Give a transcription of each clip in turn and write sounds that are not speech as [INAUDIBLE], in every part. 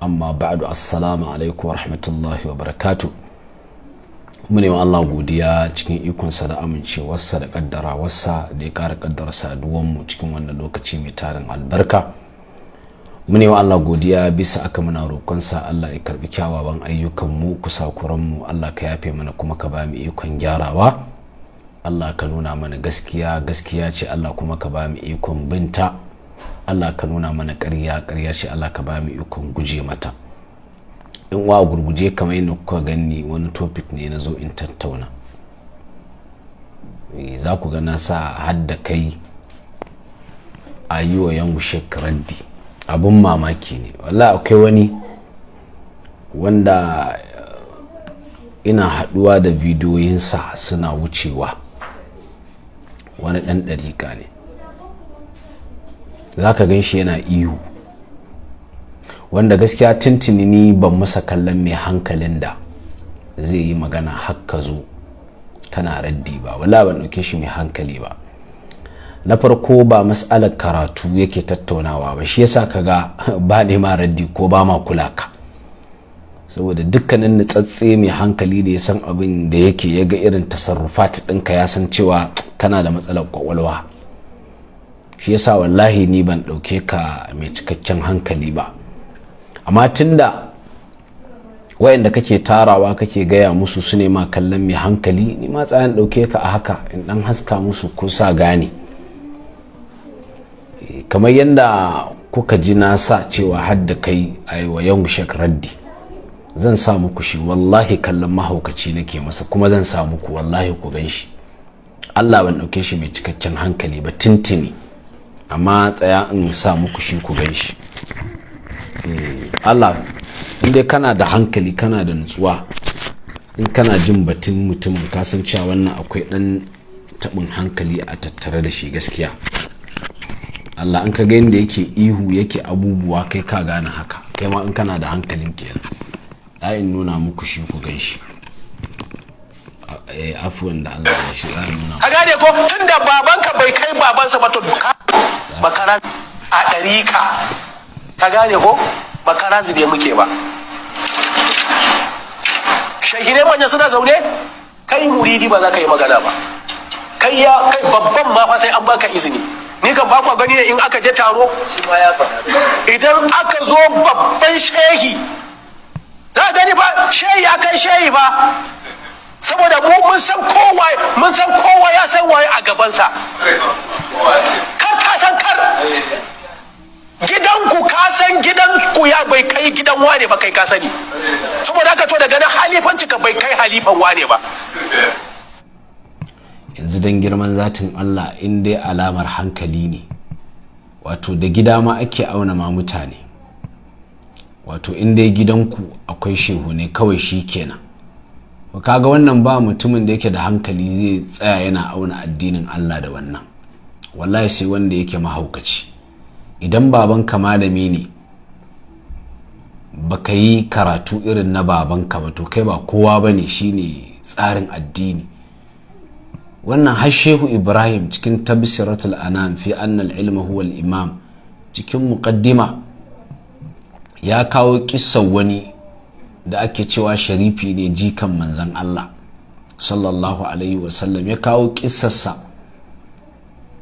amma ba'du assalamu alaikum wa rahmatullahi wa barakatu mu ne Allah godiya cikin ikonsa da amincewarsa da kaddarawarsa da ya kara kaddara saduwanmu cikin wannan lokaci mai tarin albarka mu ne Allah godiya bisa aka muna roƙonsa Allah ya karbi kyawawan ayyukan mu ayyukanmu mu Allah ka yafe mana kuma ka ba mu ikon gyarawa Allah ka nuna mana gaskiya gaskiya ce Allah kuma ka ba mu ikon binta Allah ka nuna mana ƙarya ƙarya shi Allah ka ba mu ikon guje mata in wa gurguje kamar yadda kuka gani wani topic ne na zo in tattauna eh, za ku ga na sa hadda kai a yi wa yangu shekaraddi abin mamaki ne walla akwai wani wanda eh, ina haduwa da bidiyoyinsa suna wucewa wani ɗan ɗariƙa ne za ka gan shi yana ihu wanda gaskiya tuntuni ni ban masa kallon mai hankalin da zai yi magana hakka zo tana raddi ba wala ban ɗauke shi mai hankali ba na farko ba matsalar karatu yake tattaunawa ba shi yasa kaga ba ne ma raddi ko ba ma kula ka saboda dukkanin nutsatse mai hankali da ya san abin da yake ya ga irin tasarrufat ɗinka ya san cewa kana da matsalar kwakwalwa shi yasa wallahi ni ban ɗauke ka mai cikakken hankali ba amma tunda wayanda kake tarawa kake gaya musu su ne ma kallon mai hankali ni ma tsayan ɗauke ka a haka in dan haska musu kusa gane eh, kamar yadda kuka ji na sa cewa hadda kai a wa yau shek raddi zan sa muku shi wallahi kallon mahaukaci nake masa kuma zan sa muku wallahi ku gan shi allah ban ɗauke shi mai cikakken hankali ba tintini amma tsaya in sa muku shi ku gan shi eh, Allah inda kana da hankali kana da nutsuwa in kana jin batun mutum ka san cewa wannan akwai dan tabin hankali a tattare da shi gaskiya Allah an ka ga inda yake ihu yake abubuwa kai ka gane haka kai ma in kana da hankalin kenan in nuna muku shi ku gan shi Eh, afuwan da Allah ya shi nuna ka gane ko tunda babanka bai kai babansa ba to duka bakara a ɗarika ka gane ko bakara zube muke ba shahire manya suna zaune kai muridi ba za ka yi magana ba kai ya kai babban ma fa sai an baka izini ni kan bakwa gani ne in aka je taro idan aka zo babban shehi za gani ba shehi ya kai shehi ba saboda mu mun san kowa mun san kowa ya san waye a gabansa kar ka san kar gidanku ka san gidanku ya bai kai gidan wane ba kai ka sani saboda haka to daga nan halifanci ka bai kai halifan wane ba yanzu dan girman zatin Allah in dai alamar hankali ne wato da gida ma ake auna ma mutane wato in dai ku akwai shehu ne kawai shi kenan kaga wannan ba mutumin da yake da hankali zai tsaya yana auna addinin Allah da wannan wallahi sai wanda yake mahaukaci idan babanka malami ne baka yi karatu irin na babanka ba to kai ba kowa ba ne shine tsarin addini wannan har shehu ibrahim cikin tabsiratul anam fi annal ilma huwa imam cikin muqaddima ya kawo kissan wani da ake cewa sharifi ne jikan manzan Allah sallallahu alaihi wasallam ya kawo kissarsa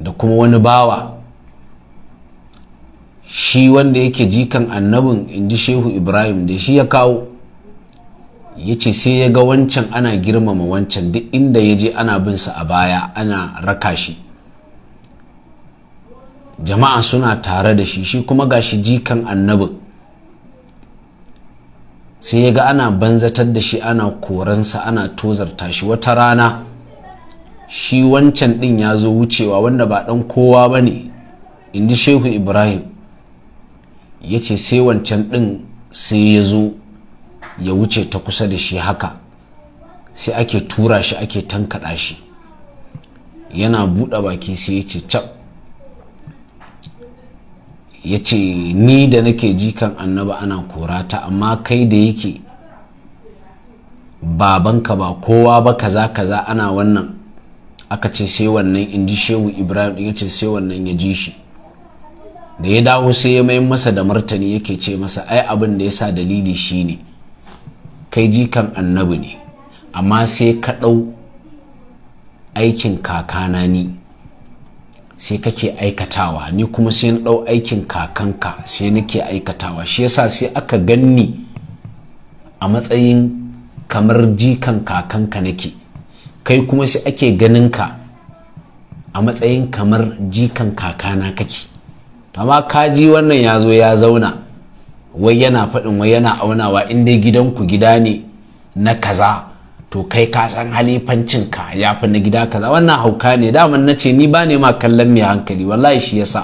da kuma wani bawa shi wanda yake jikan annabin inji shehu ibrahim da shi ya kawo ya ce sai ya ga wancan ana girmama wancan duk inda ya je ana binsa a baya ana raka shi jama'a suna tare da shi shi kuma ga shi jikan annabin sai ya ga ana banzatar da shi ana koransa ana tozarta shi wata rana shi wancan ɗin ya zo wucewa wanda ba ɗan kowa ba ne inda shehu ibrahim ya ce sai wancan ɗin sai ya zo ya wuce ta kusa da shi haka sai ake tura shi ake tankaɗa shi yana buɗe baki sai ya ce cap ya ce ni da nake jikan annaba ana kora ta amma kai da yake babanka ba kowa ba kaza kaza ana wannan aka ce sai wannan in ji shehu ibrahim ya ce sai wannan ya ji shi da ya dawo sai ya mai masa da martani yake ce masa ai abin da ya sa dalili shine kai jikan annabi ne amma sai ka ɗau aikin kakana ni sai kake aikatawa ni kuma sai na ɗau aikin kakanka sai nake aikatawa shi yasa sai aka ganni a matsayin kamar jikan kakanka nake kai kuma sai ake ganin ka a matsayin kamar jikan kakana kake amma kaji wannan ya zo ya zauna wai yana faɗin wai yana aunawa in dai gidanku gida ne na kaza to kai ka san halifancin ka ya fi na gida kaza wannan hauka ne daman na ce ni ba ne ma kallon mai hankali wallahi shi yasa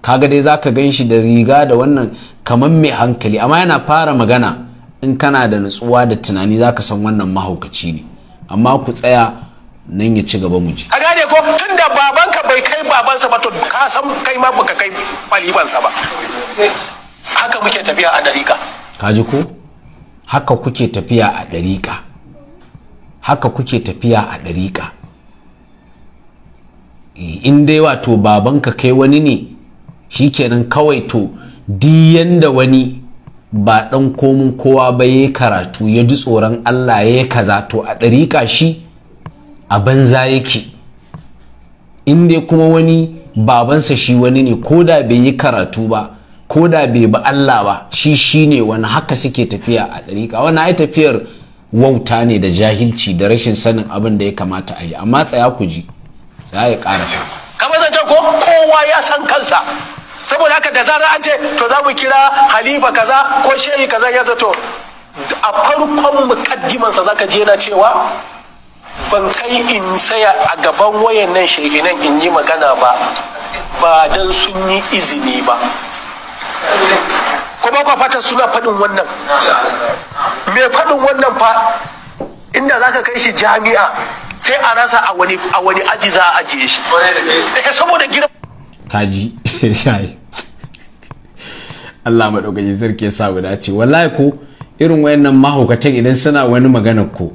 kaga dai zaka gan shi da riga da wannan kamar mai hankali amma yana fara magana in kana da nutsuwa da tunani zaka san wannan mahaukaci ne amma ku tsaya nan ya ci gaba mu Ka gane ko tunda babanka bai kai babansa ba to ka san kai ma baka kai balibansa ba. Haka muke tafiya a dariƙa. Ka ji ko? Haka kuke tafiya a dariƙa. haka kuke tafiya a ɗariƙa eh, in dai wato babanka kai wani ne shi kenan kawai to diyan wani ba ɗan komin kowa ba ya karatu ya ji tsoron Allah ya kaza to a ɗariƙa shi a banza yake in dai kuma wani babansa shi wani ne ko da bai yi karatu ba ko da bai bi Allah ba shi shi ne wani haka suke tafiya a ɗariƙa wani ai tafiyar wauta ne da jahilci da rashin sanin abin da ya kamata a yi amma tsaya ku ji tsaya ya shi. kamar zan ko kowa ya san kansa saboda haka da zarar an ce to za mu kira halifa kaza ko shehi kaza ya zato a farkon mukaddimansa ka je na cewa ban kai in saya a gaban wayan nan nan in yi magana ba ba dan sun yi izini ba ba kwa fata suna faɗin wannan mai faɗin wannan fa inda za ka kai shi jami'a sai a rasa a wani aji za a ajiye shi eh, saboda gidan kaji Allah maɗaukaki sarki ya sa mu dace wallahi ko irin wayannan mahaukatan idan suna wani magana ko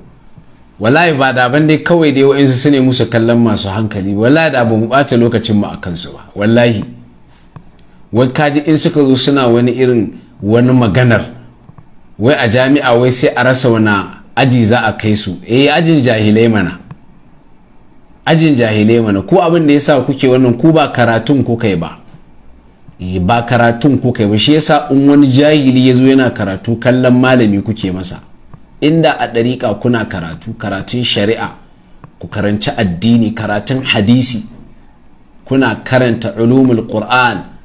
wallahi ba da ban dai kawai dai wa'insu su ne musu kallon masu hankali wallahi da ba mu ɓata lokacin mu a kansu ba wallahi wai kaji in suka zo suna wani irin wani maganar wai a jami'a wai sai a rasa wani aji za a kai su eh ajin jahilai mana ajin jahilai mana ko abin da yasa kuke wannan ku ba karatun ku kai ba eh, ba karatun ku kai ba shi yasa in wani jahili ya zo yana karatu kallon malami kuke masa inda a ɗariƙa kuna karatu karatun shari'a ku karanci addini karatun hadisi kuna karanta ulumul qur'an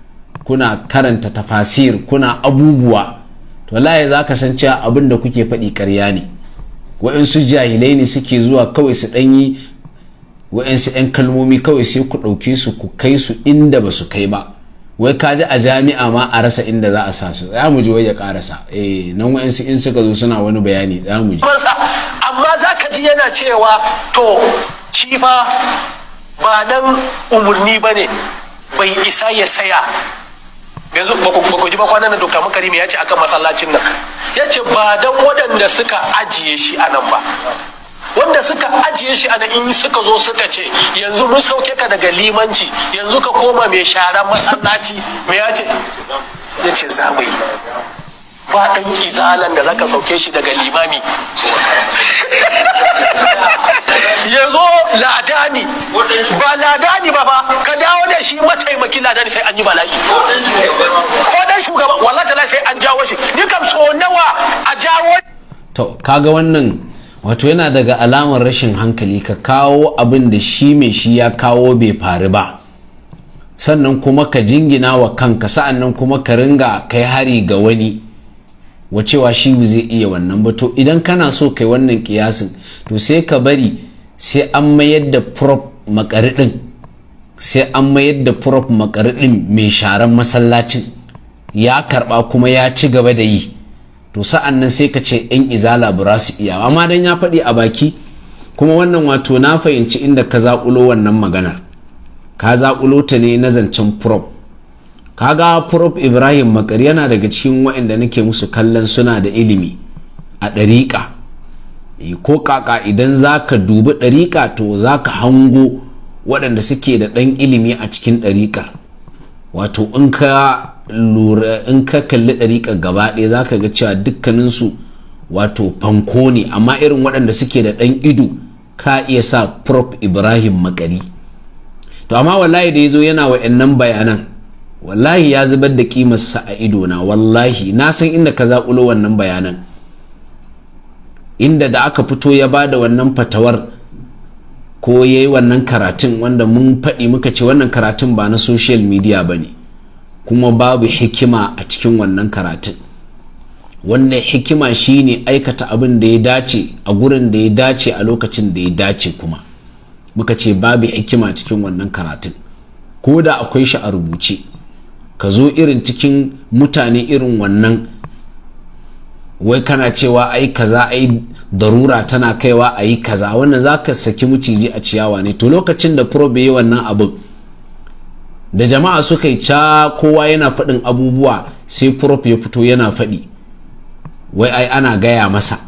kuna karanta tafasir kuna abubuwa to laye za ka san cewa abin da kuke faɗi karya ne wa'insu jahilai ne suke zuwa kawai su ɗanyi wa'insu 'yan kalmomi kawai sai ku ɗauke su ku kai su inda ba su kai ba wai ka ji a jami'a ma a rasa inda za a sa su za mu ji wai ya karasa eh nan wa'insu in suka zo suna wani bayani za mu ji amma za ka ji yana cewa to shi fa ba dan umarni ba ne bai isa ya saya yanzu ba ku ji ba kwanan nan dokta mukarimi ya ce akan masallacin nan ya ce ba dan waɗanda suka ajiye shi a nan ba wanda suka ajiye shi a nan in suka zo suka ce yanzu mun sauke ka daga limanci yanzu ka koma mai sharan masallaci mai ya ce ya ce za yi ba ɗan izalan da zaka sauke shi daga limami ya zo ladani ba ladani ba ba ka dawo da shi mataimakin ladani sai an yi bala'i ko dan shugaban wallahi tala sai an jawo shi ni kam so nawa a jawo to kaga wannan wato yana daga alamar rashin hankali ka kawo abin da shi mai shi ya kawo bai faru ba sannan kuma ka jingina wa kanka sa'annan kuma ka ringa kai hari ga wani wa cewa shi zai iya wannan ba to idan kana so kai wannan kiyasin to sai ka bari sai an mayar da prop makaridin sai an mayar da prop makaridin mai sharan masallacin ya karba kuma ya ci gaba da yi to sa'an nan sai ka ce yan izala ba su iya amma dan ya faɗi a baki kuma wannan wato na fahimci inda ka zaƙulo wannan maganar ka zaƙulo ta ne na zancen prop kaga prof ibrahim makar yana daga cikin waɗanda nake musu kallon suna da ilimi a ɗariƙa eh, ko kaka idan za ka dubi ɗariƙa to za ka hango waɗanda suke da ɗan ilimi a cikin ɗariƙar wato in ka in ka kalli ɗariƙar gaba ɗaya za ka ga cewa dukkaninsu wato fanko ne amma irin waɗanda suke da ɗan ido ka iya sa prof ibrahim makari to amma wallahi da ya zo yana wa'annan bayanan wallahi ya zubar da kimarsa a idona wallahi na san inda ka zaƙulo wannan bayanan inda da aka fito ya ba da wannan fatawar ko ya yi wannan karatun wanda mun faɗi muka ce wannan karatun ba na social media ba ne kuma babu hikima a cikin wannan karatun wannan hikima shine aikata abin da ya dace a gurin da ya dace a lokacin da ya dace kuma muka ce babu hikima cikin wannan karatun ko da akwai shi a rubuce ka zo irin cikin mutane irin wannan wai kana cewa ai kaza ai darura tana kaiwa a yi kaza wannan za ka saki muciji a ciyawa ne to lokacin da probe ya wannan abin da jama'a suka yi ca kowa yana faɗin abubuwa sai prof ya fito yana faɗi wai ai ana gaya masa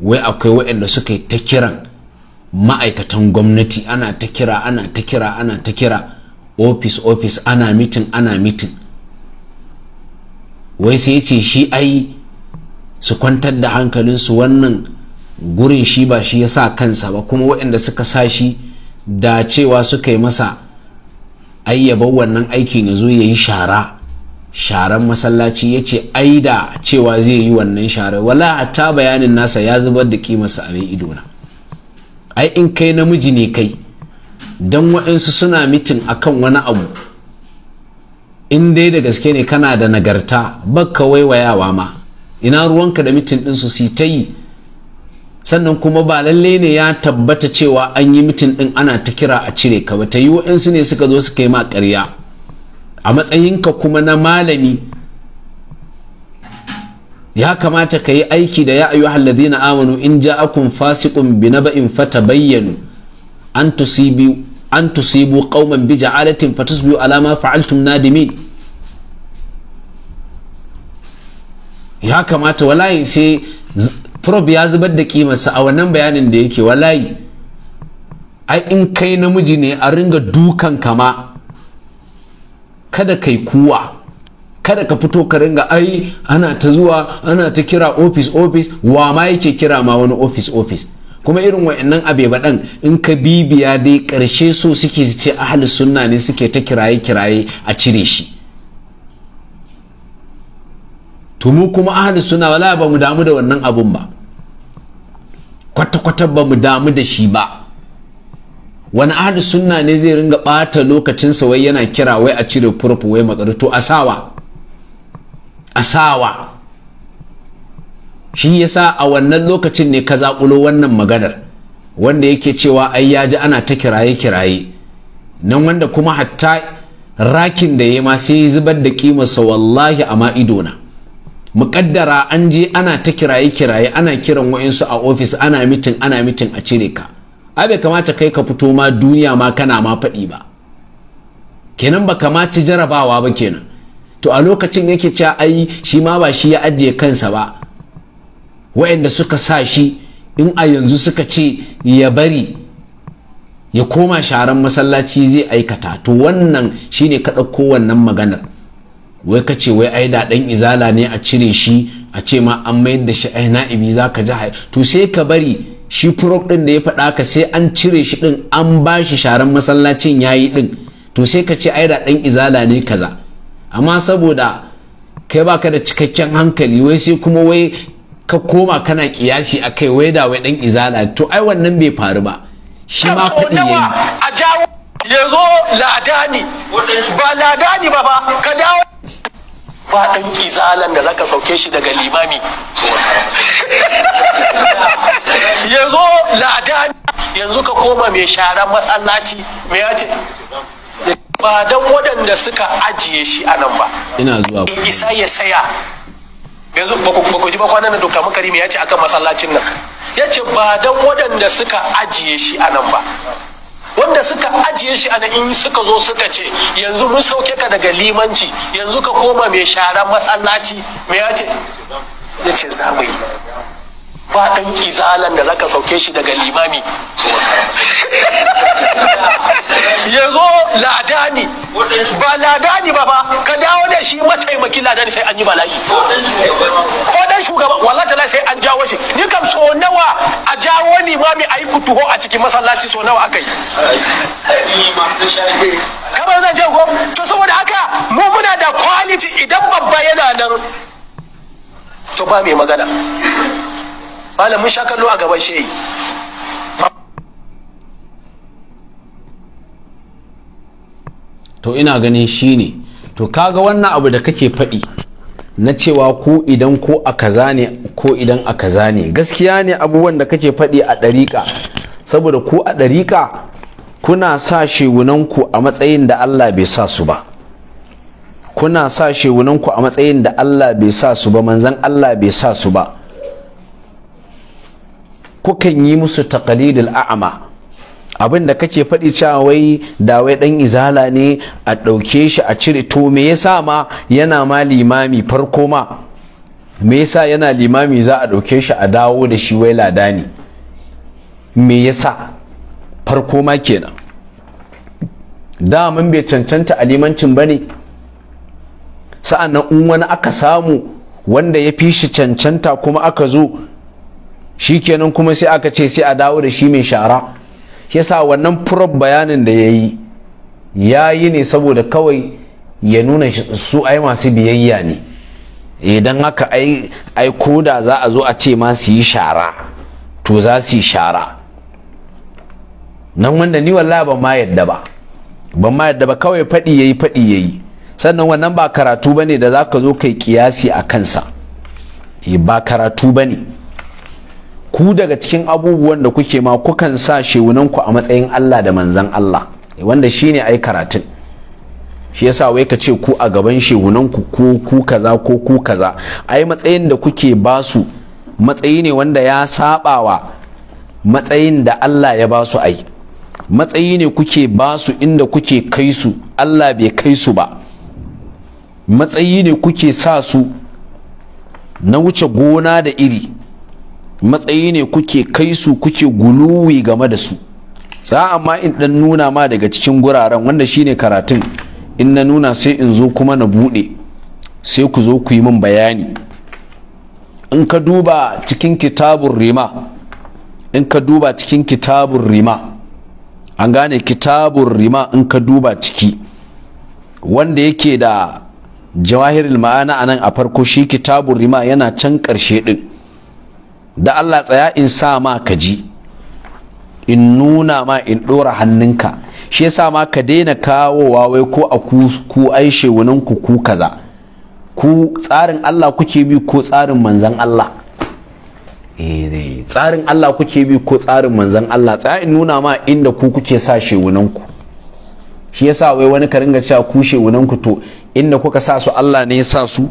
wai akwai waɗanda suka yi ta kiran ma'aikatan gwamnati ana ta kira ana ta kira ana ta kira ofis ofis ana mitin ana mitin wai sai ya ce shi ai su kwantar da hankalinsu wannan gurin shi ba shi ya sa kansa ba kuma waɗanda suka sa shi da cewa suka yi masa ayyabar wannan aiki ya zo ya yi shara sharan masallaci ya ce ai da cewa zai yi wannan shara wala hatta bayanin nasa ya zubar da kimarsa a mai idona ai in kai namiji ne kai don waɗansu suna mitin akan wani abu in dai da gaske ne kana da nagarta waiwaya waiwayawa ma ina ruwanka da mitin ɗinsu su ta yi sannan kuma ba lalle ne ya tabbata cewa an yi mitin ɗin ana ta kira a cire ka ta yi waɗansu ne suka zo suka yi ma ƙarya a matsayinka kuma na malami ya kamata ka yi aiki da ya ayu ladina amanu in ja'akum fasiqun bi naba'in fatabayyanu an tusibi an tusibu qauman bi ja'alatin fatusbihu ala ma fa'altum nadimin ya kamata wallahi sai prob ya zubar da kimarsa a wannan bayanin da yake wallahi ai in kai namiji ne a ringa dukan kama kada kai kuwa kada ka fito ka ringa ai ana ta zuwa ana ta kira office office wa ma yake kira ma wani ofis office kuma irin wa'annan ɗan in ka bibiya dai ƙarshe so suke ce ahli sunna ne suke ta kiraye-kiraye a cire shi tumu kuma ahli sunna wala ba mu damu da wannan abun ba kwata-kwata ba mu damu da shi ba wani ahli sunna ne zai ringa ɓata lokacinsa wai yana kira wai a cire furfu wai makaru to asawa asawa shi yasa a wannan lokacin ne ka zaƙulo wannan maganar wanda yake cewa ai ya ji ana ta kiraye kiraye nan wanda kuma hatta rakin da ya ma sai ya zubar da sa wallahi a ma idona muƙaddara an je ana ta kiraye kiraye ana kiran wa'insu a ofis ana mitin ana mitin a cire ka ai bai kamata kai ka fito ma duniya ma kana ma faɗi ba kenan ba kamaci jarabawa ba kenan to a lokacin yake cewa ai shi ma ba shi ya ajiye kansa ba wa'anda suka sa shi in a yanzu suka ce ya bari ya koma sharan masallaci zai aikata to wannan shine ka ɗauko wannan maganar wai ka ce wai ai da ɗan izala ne a cire shi a ce ma an mayar da shi ai eh, na'ibi za ka ji to sai ka bari shi furok ɗin da ya faɗa ka sai an cire shi ɗin an ba shi sharan masallacin ya yi ɗin to sai ka ce ai da ɗan izala ne kaza amma saboda kai baka da cikakken hankali wai sai kuma wai ka koma kana kiyashi a kai wai da wai dan izala to ai wannan bai faru ba shi ma faɗi yayi a jawo ya zo ladani ba ladani ba ba ka dawo ba dan izalan da zaka sauke shi daga limami ya zo ladani yanzu ka koma mai sharan matsalaci me ya ce ba dan waɗanda suka ajiye shi anan ba ina zuwa isa ya saya yanzu ba ku ji ba kwanan dokta ya ce akan masallacin nan ya ce ba dan waɗanda suka ajiye shi a nan ba wanda suka ajiye shi a nan in suka zo suka ce yanzu mun sauke ka daga limanci yanzu ka koma mai sharan masallaci me ya ce ya ce za ba ɗan izalan da zaka sauke shi daga limami [LAUGHS] ya zo ladani ba ladani ba ba shi mataimakin ladani sai an yi bala'i ko dan shugaba wallahi tala sai an jawo shi ni kam so nawa a jawo ni ma mai ayi kutuho a cikin masallaci so nawa aka yi kamar zan je ko to saboda haka mu muna da quality idan babba yana nan to ba mai magana mun sha kallo a gaban shehi to ina ganin shi ne to kaga wannan abu da kake faɗi na cewa ko idan ko a kaza ne ko idan a kaza ne gaskiya ne abubuwan da kake faɗi a ɗariƙa saboda ko a ɗariƙa kuna sa shewunanku a matsayin da Allah bai sa su ba kuna sa shewunanku a matsayin da Allah bai sa su ba manzan Allah bai sa su ba kukan yi musu taqalidul a'ama abin da kake faɗi cewa wai da wai ɗan izala ne a ɗauke shi a cire to me yasa ma yana ma limami farko ma me yasa yana limami za a ɗauke shi a dawo da shi wai lada ne me yasa farko ma kenan da mun bai cancanta a limancin ba ne sa'an in wani aka samu wanda ya fi shi cancanta kuma aka zo shi kenan kuma sai aka ce sai a dawo da shi mai shara yasa wannan prof bayanin da ya yi ya yi ne saboda kawai ya nuna su ai masu biyayya ne idan eh, haka ai koda za a zo a ce ma su yi shara to za su yi shara nan wanda ni wallahi ban ma yadda ba ban ma yadda ba kawai faɗi yayi faɗi yayi sannan wannan ba karatu bane da zaka zo kai kiyasi a kansa eh, ba karatu bane ku daga cikin abubuwan da kuke ma kukan sa shewunanku a matsayin Allah da manzan Allah eh, wanda shine ai karatun shi yasa wai ka ce ku a gaban shehunanku ko ku kaza ko ku kaza ai matsayin da kuke basu matsayi ne wanda ya sabawa matsayin da Allah ya basu ai matsayi ne kuke basu inda kuke kai su Allah bai kai su ba matsayi ne kuke sa su na wuce gona da iri matsayi ne kuke kai su kuke guluwi game da su sa'a ma in dan nuna ma daga cikin guraren wanda shine karatun in na nuna sai in zo kuma na bude sai ku zo ku yi min bayani in ka duba cikin kitabun rima in ka duba cikin kitabun rima an gane kitabun rima in ka duba ciki wanda yake da jawahirin ma'ana a nan a farko shi kitabun rima yana can ƙarshe ɗin da Allah tsaya in sa ma ka ji in nuna ma in ɗora hannunka shi yasa ma ka daina kawowa wai ko a ku ai shewunin ku ku kaza ku tsarin Allah kuke bi ko tsarin manzan Allah eh, tsarin Allah kuke bi ko tsarin manzan Allah tsaya in nuna ma inda ku kuke sa shewunan ku shi yasa wai wani ka ringa cewa ku shewunan ku to inda kuka sa su Allah ne ya sa su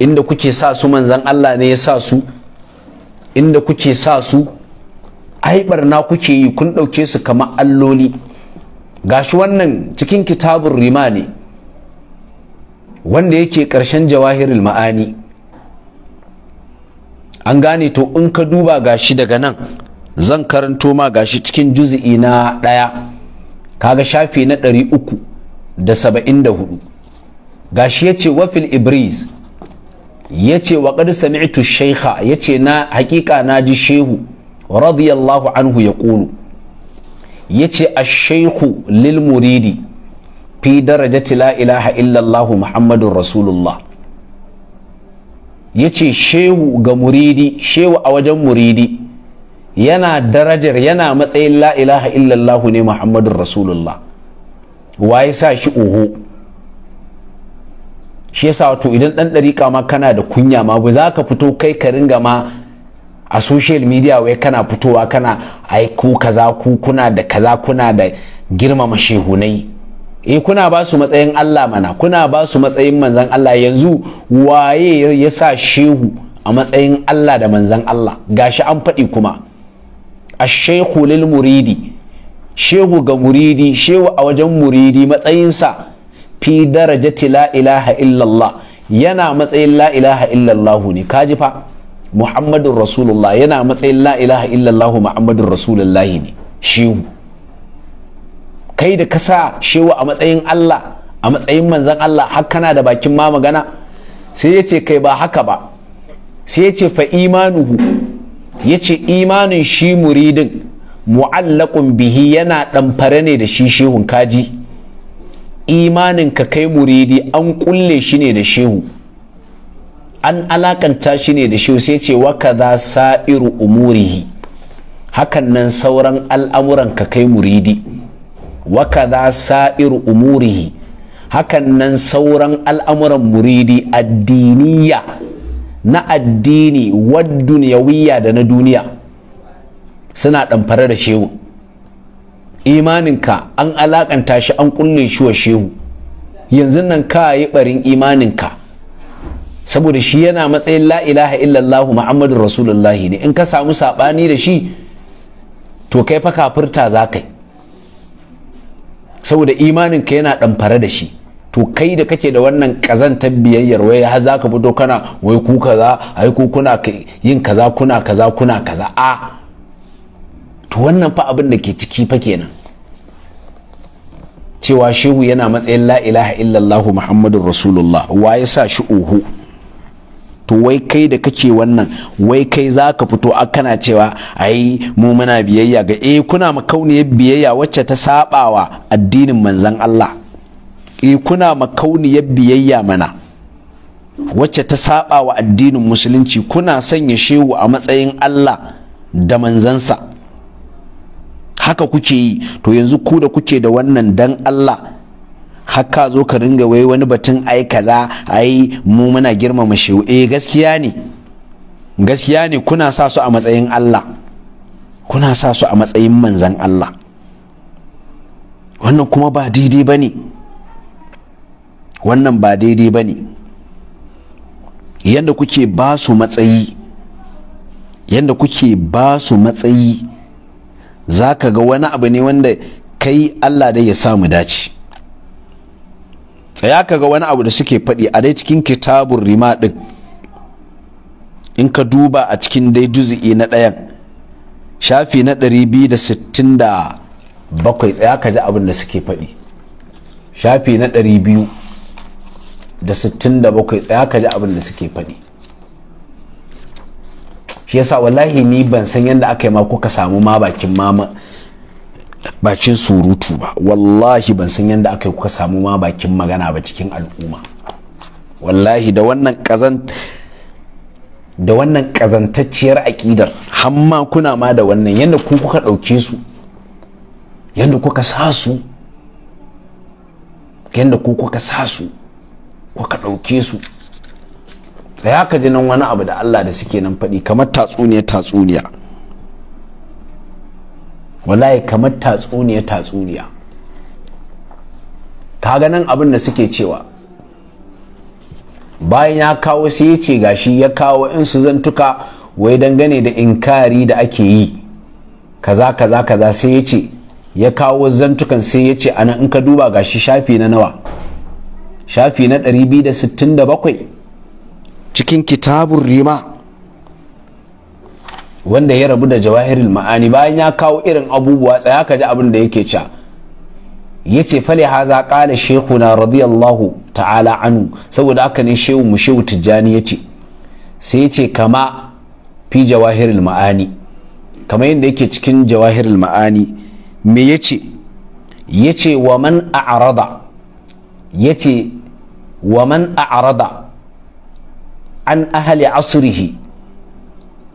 inda kuke sa su manzan Allah ne ya sa su inda kuke sa su ai barna kuke yi kun ɗauke su kamar alloli gashi wannan cikin kitabun rima ne wanda yake ƙarshen jawahirul ma'ani an gane to in ka duba gashi daga nan zan karanto ma gashi cikin juzi'i na ɗaya kaga shafi na ɗari uku da saba'in da hudu gashi yace ce wafil ibris yace wa qad sami'tu shaykha yace na hakika na ji shehu radiyallahu anhu ya kulu yace ash-shaykhu lil muridi fi darajati la ilaha illallah muhammadun rasulullah yace shehu ga muridi shehu a wajen muridi yana darajar yana matsayin la ilaha illallah ne muhammadun rasulullah waye sa shi oho shi yasa wato idan dan dariƙa ma kana da kunya ma ba za ka fito kai ka ringa ma a social media wai kana fitowa kana ai ku kaza ku kuna da kaza kuna da girmama shehunai eh kuna ba su matsayin Allah mana kuna ba su matsayin manzon Allah yanzu waye ya sa shehu a matsayin Allah da manzan Allah gashi an faɗi kuma ash-shaykhu lil muridi shehu ga muridi shehu a wajen muridi matsayinsa fi darajati la ilaha illallah yana matsayin la ilaha illallahu ne kaji fa muhammadun rasulullah yana matsayin la ilaha illallahu muhammadun rasulullahi ne shehu kai da kasa shehu a matsayin Allah a matsayin manzan Allah har kana da bakin ma magana sai ya ce kai ba haka ba sai ya ce fa imanuhu ya ce imanin shi muridin mu'allakun bihi yana ɗamfare ne da shi shehun kaji imanin ka kai muridi an kulle shi ne da shehu an alakanta shi ne da shehu sai ce wa za sa'iru umurihi hakan nan sauran al'amuran ka kai muridi wa za sa'iru umurihi hakan nan sauran al'amuran muridi addiniya na addini wa da na duniya suna ɗamfare da shehu Imanin ka an alakanta shi an kunne shi wa shehu yanzu nan ka yi barin ka. saboda shi yana matsayin la ilaha illallah muhammadur rasulullahi ne in ka samu sabani da shi to kai fa kafirta za kai saboda imaninka yana ɗamfare da shi to kai da kake da wannan kazantar biyayyar wai har za ka fito kana wai ku kaza ai ku kuna yin kaza kuna kaza kuna kaza a to wannan fa abin da ke ciki fa kenan cewa shehu yana matsayin la ilaha illallahu muhammadun rasulullah wa ya sa shi oho to wai kai da kake wannan wai kai zaka fito a kana cewa ai mu muna biyayya ga eh kuna makauniyar biyayya wacce ta sabawa addinin manzan Allah eh kuna makauniyar biyayya mana wacce ta sabawa addinin musulunci kuna sanya shehu a matsayin Allah da manzansa haka kuke yi to yanzu ku da kuke da wannan dan Allah haka zo ka ringa wai wani batun ai kaza ai mu muna girmama shehu eh gaskiya ne gaskiya ne kuna sa su a matsayin Allah kuna sa su a matsayin manzan Allah wannan kuma ba daidai ba ne wannan ba daidai ba ne yadda kuke ba su matsayi yanda kuke ba su matsayi za ka ga wani abu ne wanda kai Allah dai ya samu dace tsaya ka ga wani abu da suke faɗi a dai cikin kitabun rima ɗin in ka duba a cikin dai juzi'i na ɗayan shafi na 267 tsaya ka ji abin da suke faɗi shafi na 267 tsaya ka ji abin da suke faɗi shi yasa wallahi ni ban san yadda aka yi ma kuka samu ma bakin mama bakin surutu ba wallahi ban san yadda aka yi kuka samu ma bakin magana ba cikin al'umma wallahi da wannan kazan da wannan kazantacciyar aƙidar hamma kuna ma da wannan yadda ku kuka ɗauke su yadda kuka sa su yadda ku kuka sa su kuka ɗauke su ya ka ji nan wani abu da Allah da suke nan faɗi kamar tatsuniya tatsuniya wallahi kamar tatsuniya tatsuniya ga nan abin da suke cewa bayan ya kawo sai ya ce gashi ya kawo in su zantuka wai dangane da inkari da ake yi kaza kaza kaza sai ya ce ya kawo zantukan sai ya ce ana in ka duba gashi shafi na nawa shafi na 267 cikin kitabun rima wanda ya rabu da jawahirul ma'ani bayan ya kawo irin abubuwa tsaya ka ji abin da yake ca Yace ce fale haza ƙala na radiyallahu ta'ala anu saboda haka ne shehu mu shehu tijjani ya ce sai ce kama fi jawahirul ma'ani kamar yadda yake cikin jawahirul ma'ani me yace yace ya ce wa man a'arada ya ce wa man a'arada an ahali asrihi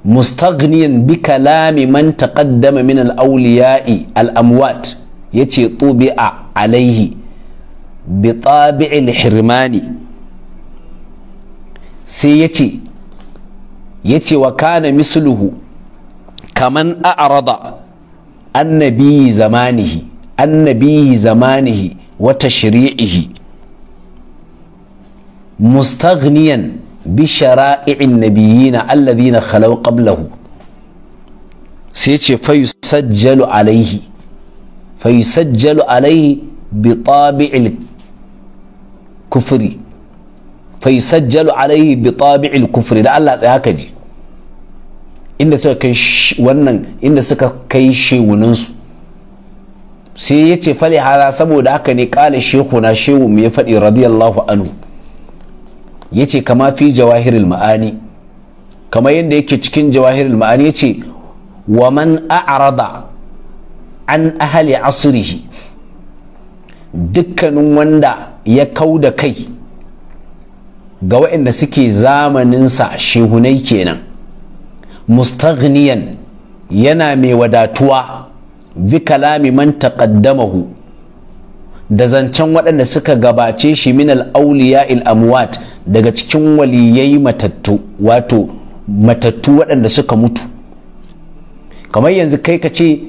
mustaghniyan bi kalami man taqaddama min al-awliya'i al-amwat yace tubi'a alaihi bi tabi'il hirmani sai yace yace wa kana misluhu kaman a'rada annabi zamanihi annabi zamanihi wa tashri'ihi mustagniyan bi shara'i'in nabiyina alladhina khalaw qablahu sai ce fa yusajjalu alaihi fa yusajjalu alaihi bi tabi'il kufri fa yusajjalu alaihi bi tabi'il kufri da Allah tsaya haka inda suka kai wannan inda suka kai shewuninsu sai yace ce hara saboda haka ne kala shehu shehu faɗi radiyallahu anhu ya ce kama fi jawahiril ma'ani kama yadda yake cikin jawahirul ma'ani ya ce wa man a'rada an ahali asirihi dukkanin wanda ya kau da kai ga waɗanda suke zamaninsa shehunai kenan mustaghniyan yana mai wadatuwa bi kalami man taqaddamahu da zancen waɗanda suka gabace shi min al'auliya amwat daga cikin waliyai matattu wato matattu waɗanda suka mutu kamar yanzu kai ka ce [COUGHS]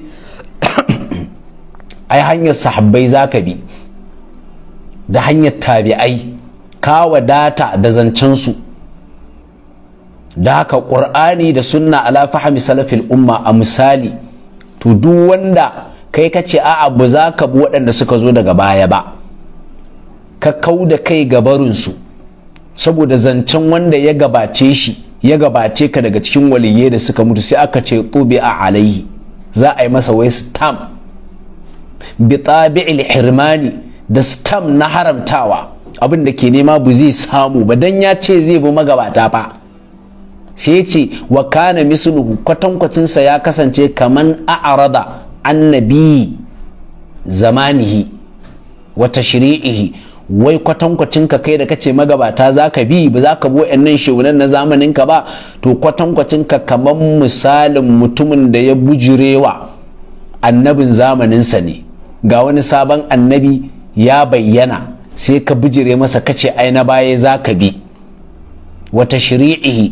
ai hanyar sahabbai za ka bi da hanyar tabi'ai ka wadata da zancensu da haka ƙur'ani da sunna ala fahimi salafin umma a misali to duk wanda kai ka ce a'a ba za ka bi waɗanda suka zo daga baya ba ka kau da kai gabarinsu saboda zancen wanda ya gabace shi ya gabace ka daga cikin waliyye da suka mutu sai aka ce tsobe a alaihi za a yi masa wai stam bi tabi'il hirmani da stam na haramtawa abin da ke nema bu zai samu ba dan ya ce zai bi magabata ba sai ce wa kana misluhu kwatankwacinsa ya kasance kaman a'arada annabi zamanihi wa tashri'ihi wai kwatankwacin ka kai da kace magabata za ka bi ba za ka bi nan shegunan na zamanin ka ba to kwatankwacin ka kaman misalin mutumin da ya bujurewa annabin zamaninsa ne ga wani sabon annabi ya bayyana sai ka bijire masa kace ai na za ka bi wata shiri'ihi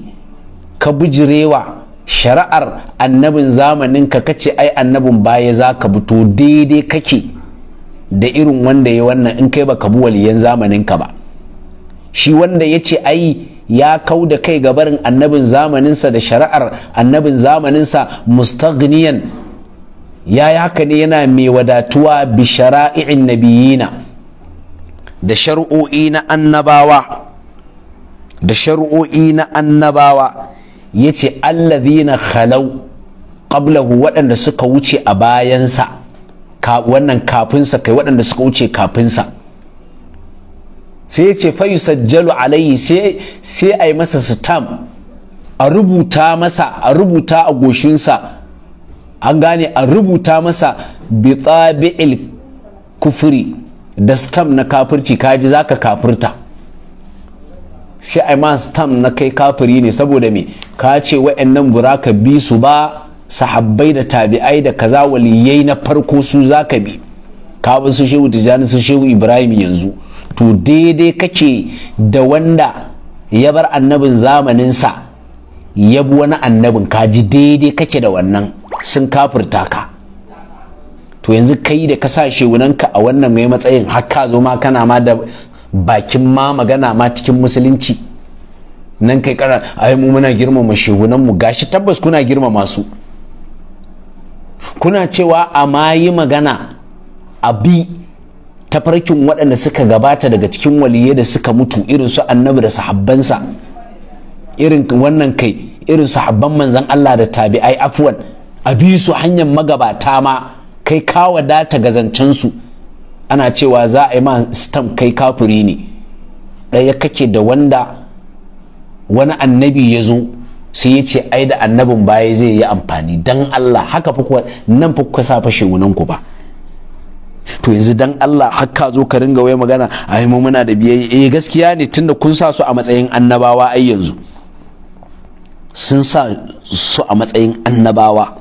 ka bijirewa shari'ar annabin zamanin ka kace ai annabin baya za ka fito daidai kake da irin wanda ya wannan in kai baka bi waliyan zamanin ka ba shi wanda ya ce ai ya kau da kai ga barin annabin zamaninsa da shari'ar annabin zamaninsa mustaghniyan ya yi haka ne yana mai wadatuwa bi shara'i'in nabiyina da shar'o'i na annabawa da shar'o'i na annabawa Ya yace allazina khalau qablahu waɗanda suka wuce a bayansa wannan kafinsa kai waɗanda suka wuce kafinsa sai ya ce: fayusajjalu alayhi sai sai ai masa stam a rubuta masa a rubuta a goshinsa an gane a rubuta masa bi tsabi'il kufri da stam na kafirci kaji zaka kafirta sai a ma stam na kai kafiri ne saboda me ka ce wa'annan buraka bi su ba sahabbai da tabi'ai da kaza waliyai na farko su zaka bi ka bi su shehu tijani su shehu ibrahim yanzu to daidai kake da wanda ya bar annabin zamanin sa ya bi wani annabin ka ji daidai kake da wannan sun kafirta ka to yanzu kai da ka sa shehunanka a wannan mai matsayin har ka zo ma kana ma da bakin ma magana ma cikin musulunci nan kai kara ai mu muna girmama shehunan mu gashi tabbas kuna girmama su kuna cewa a ma yi magana a bi ta farkin waɗanda suka gabata daga cikin waliyai da suka mutu irin su annabi da sahabbansa irin wannan kai irin sahabban manzan Allah da tabi'ai afwan a bi su hanyar magabata ma kai ka wadata ga zancensu su ana cewa za a yi ma stamp kai kafuri ne ɗaya kake da wanda wani annabi ya zo sai ya ce ai da annabin baya zai yi amfani dan Allah haka fa nan fa kusa sa fashe wunan ba to yanzu dan Allah haka zo ka ringa wai magana ai mu muna da biyayya eh gaskiya ne tunda kun sa su a matsayin annabawa ai yanzu sun sa su a matsayin annabawa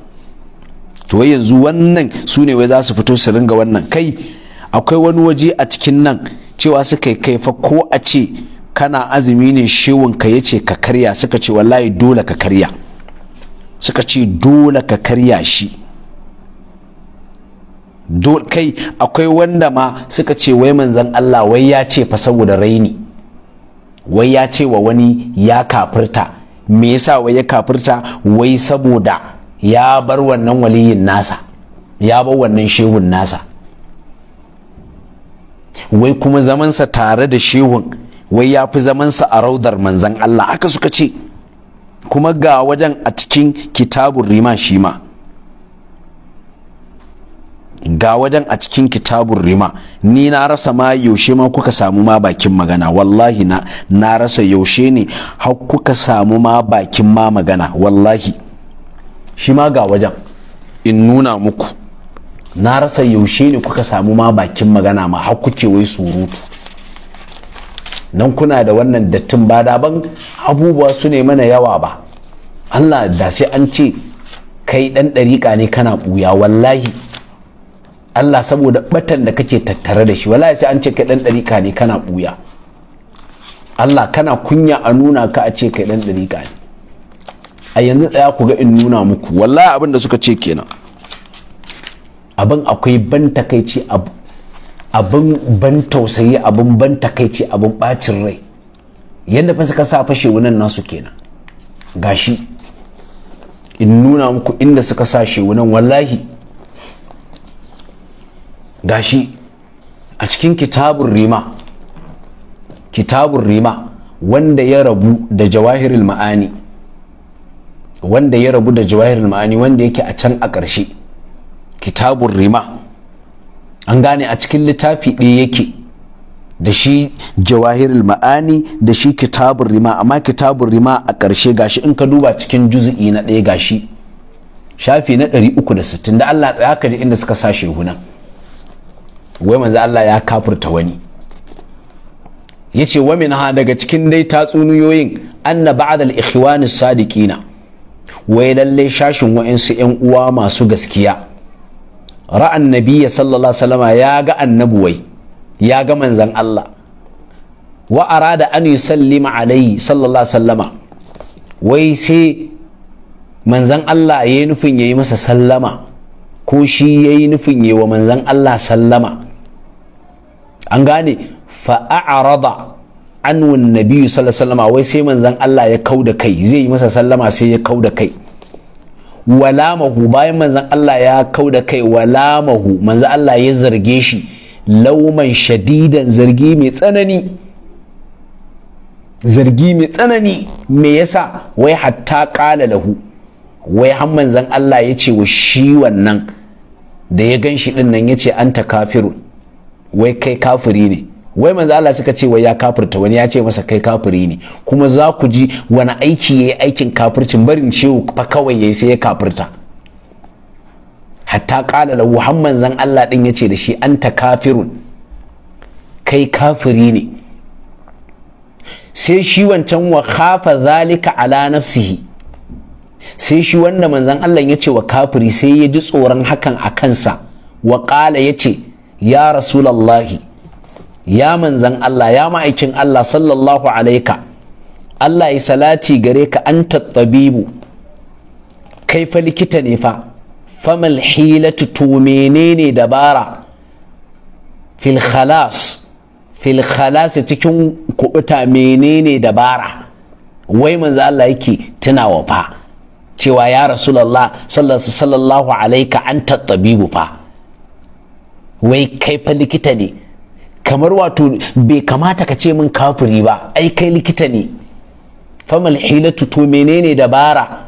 to yanzu wannan su ne wai za su fito su ringa wannan kai akwai wani waje a cikin nan cewa suka kai fa ko a ce kana azumi ne shewunka ya ce ka karya suka ce wallahi dole ka karya suka ce dole ka karya shi kai akwai wanda ma suka ce wai manzan Allah wai ya ce fa saboda raini wai ya ce wa wani ya kafirta me yasa wai ya kafirta wai saboda ya bar wannan waliyin nasa ya bar wannan shehun nasa wai kuma zamansa tare da shehun wai ya fi zamansa a raudar manzan Allah aka suka ce kuma ga wajen a cikin kitabun rima shi ma ga wajen a cikin kitabun rima ni na rasa ma yaushe ma kuka samu ma bakin magana wallahi na rasa yaushe ne har kuka samu ma bakin ma magana wallahi shi ma ga wajen in nuna muku na rasa yaushe ne kuka samu ma bakin magana ma har kuke wai surutu nan kuna da wannan dattin ba da ban abubuwa su ne mana yawa ba Allah da sai an ce kai dan ɗariƙa ne kana ɓuya wallahi Allah saboda batan da kake tattare da shi wallahi sai an ce kai dan ɗariƙa ne kana ɓuya Allah kana kunya a nuna ka a ce kai dan ɗariƙa ne a yanzu tsaya ku ga in nuna muku wallahi abin da suka ce kenan abin akwai ban takaici abin ban tausayi abin ban takaici abin bacin rai yadda fa suka sa fashe wunan nasu kenan gashi in nuna muku inda suka sa shewunan wallahi gashi a cikin kitabun rima kitabun rima wanda ya rabu da jawahirul ma'ani wanda ya rabu da jawahirul ma'ani wanda yake a can a ƙarshe kitabun rima an gane a cikin littafi ɗaya yake da shi jawahirul ma'ani da shi kitabun rima amma kitabun rima a ƙarshe gashi in ka duba cikin juzu'i na ɗaya gashi shafi na 360 da Allah tsaya ka ji inda suka sa shehunan wai manzo Allah ya kafurta wani yace wa ha daga cikin dai tatsuniyoyin anna ba'd al-ikhwan as-sadiqina wai lalle shashin wa'ansu 'yan uwa masu gaskiya ra'an nabiyya sallallahu alaihi wasallama ya ga annabuwai ya ga manzan Allah wa arada an yusallima alaihi sallallahu alaihi wasallama wai sai manzan Allah ya yi nufin ya yi masa sallama ko shi ya yi nufin ya yi wa manzan Allah sallama an gane fa'a'arada anwun nabi sallallahu alaihi wasallama wai sai manzan Allah ya kau da kai zai yi masa sallama sai ya kau da kai walamahu bayan manzon Allah ya kau da kai walamahu manzon Allah ya zarge shi lauman shadidan zargi mai tsanani zargi mai tsanani me yasa wai hatta ƙala lahu wai har manzon Allah ya ce wa shi wannan da ya ganshi shi ya ce anta kafiru, wai kai kafiri ne wai manzo Allah suka ce wai ya kafirta wani ya ce masa kai kafiri ne kuma za ku ji wani aiki yayi aikin kafircin barin ciwo fa kawai yayi sai ya kafirta hatta qala la muhammad zan Allah din yace da shi anta kafirun kai kafiri ne sai shi wancan wa khafa zalika ala nafsihi sai shi wanda manzon Allah ya ce wa kafiri sai ya ji tsoron hakan a kansa wa qala yace ya rasulallahi ya manzan Allah ya ma'aikin Allah sallallahu alaika Allah yi salati gare ka an tattabibu kai fa likita ne fa famal hilatu to menene dabara fil khalas fil khalas cikin kubuta menene dabara wai manzo Allah yake tunawa fa cewa ya rasulullah sallallahu alaika an tattabibu fa wai kai fa likita ne kamar wato bai kamata ka ce min kafiri ba ai kai likita ne famal hilatu to menene dabara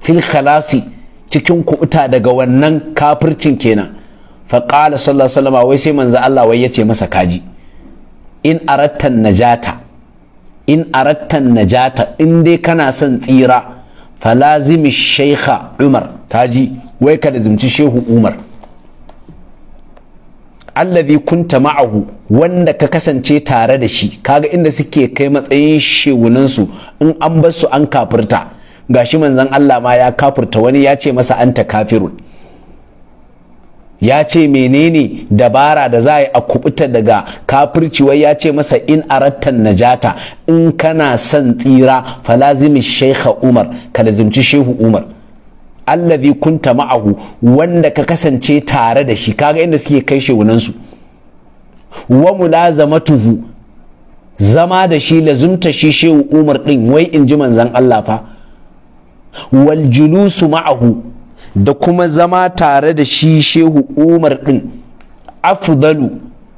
fil khalasi cikin kubuta daga wannan kafircin kenan qala sallallahu alaihi wasallam wai sai manzo Allah wai yace masa kaji in arattan najata in arattan najata in dai kana son tsira falazimi shaykha Umar kaji wai ka da shehu Umar allazi kunta ma'ahu wanda ka kasance tare da shi kaga inda suke kai matsayin su in an bar su an kafirta gashi manzon Allah ma ya kafirta wani ya ce masa anta kafirun ya ce menene dabara da za a yi a kubuta daga kafirci wai ya ce masa in arattan najata in kana son tsira falazimi shekha umar ka lazimci shehu umar allazi kunta ma'ahu wanda ka kasance tare da shi kaga inda suke kai shi shewunansu wa mulazamatuhu zama da shi lazumta shi shehu umar din wai in ji manzon Allah fa wal julusu ma'ahu da kuma zama tare da shi shehu umar din afdalu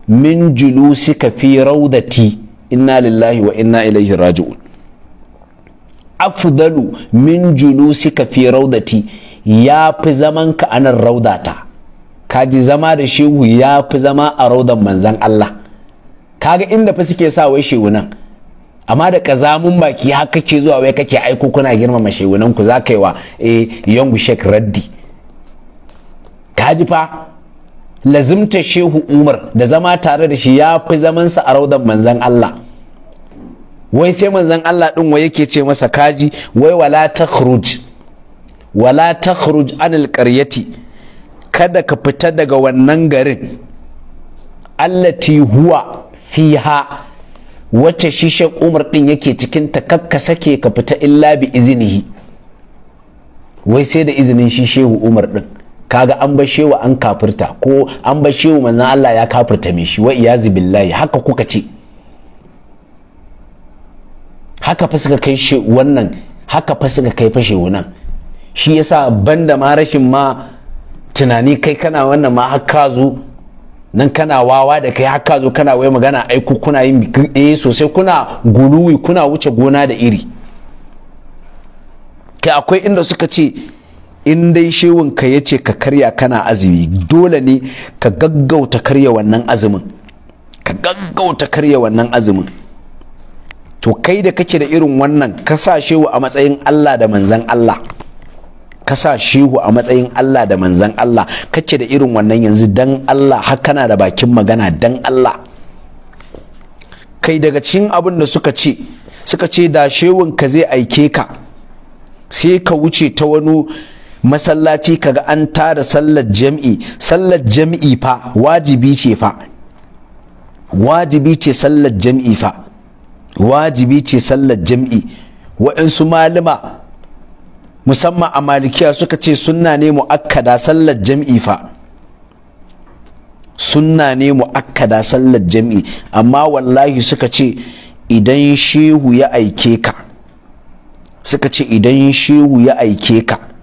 min julusika fi raudati inna lillahi wa inna ilaihi raji'un afdalu min julusika fi raudati ya fi zaman ka a nan raudata kaji zama da shehu ya fi zama a raudan manzan Allah kaga inda fa suke sa wai shehu nan amma da kazamun baki har kake zuwa wai kake aiko kuna girmama shehunan ku za kai wa eh yangu shek raddi kaji fa lazimta shehu umar da zama tare da shi ya fi zamansa a raudan manzan Allah wai sai manzon Allah din wai yake ce masa kaji wai wala takhruj wala takhruj anil qaryati kada ka fita daga wannan garin allati huwa fiha wacce shi Sheikh Umar din yake cikin ta kakka sake ka fita illa bi iznihi wai sai da izinin shi Shehu Umar din kaga an bar an kafirta ko an bar shehu manzon Allah ya kafirta me shi wa iyazi billahi haka kuka ce haka fa suka kai shi wannan haka fa suka kai fashe wannan shi yasa banda ma rashin ma tunani kai kana wannan ma har zo nan kana wawa da kai har zo kana wai magana ai ku kuna yin eh sosai kuna guluwi kuna wuce gona da iri kai akwai inda suka ce in dai shewun ka yace ka karya kana azumi dole ne ka gaggauta karya wannan azumin ka gaggauta karya wannan azumin to kai da kake da irin wannan ka sa shehu a matsayin Allah da manzan Allah ka sa shehu a matsayin Allah da manzan Allah kake da irin wannan yanzu dan Allah har kana da bakin magana dan Allah kai daga cikin abin da suka ce suka ce da shehun ka zai aike ka sai ka wuce ta wani masallaci kaga an tara sallar jam'i sallar jam'i fa wajibi ce fa wajibi ce sallar jam'i fa wajibi ce sallar jam'i wa'insu malama musamman a malikiya suka ce sunna ne mu'akkada sallar jam'i fa sunna ne mu'akkada sallar jam'i amma wallahi suka ce idan shehu ya aike ka suka ce idan shehu ya aike ka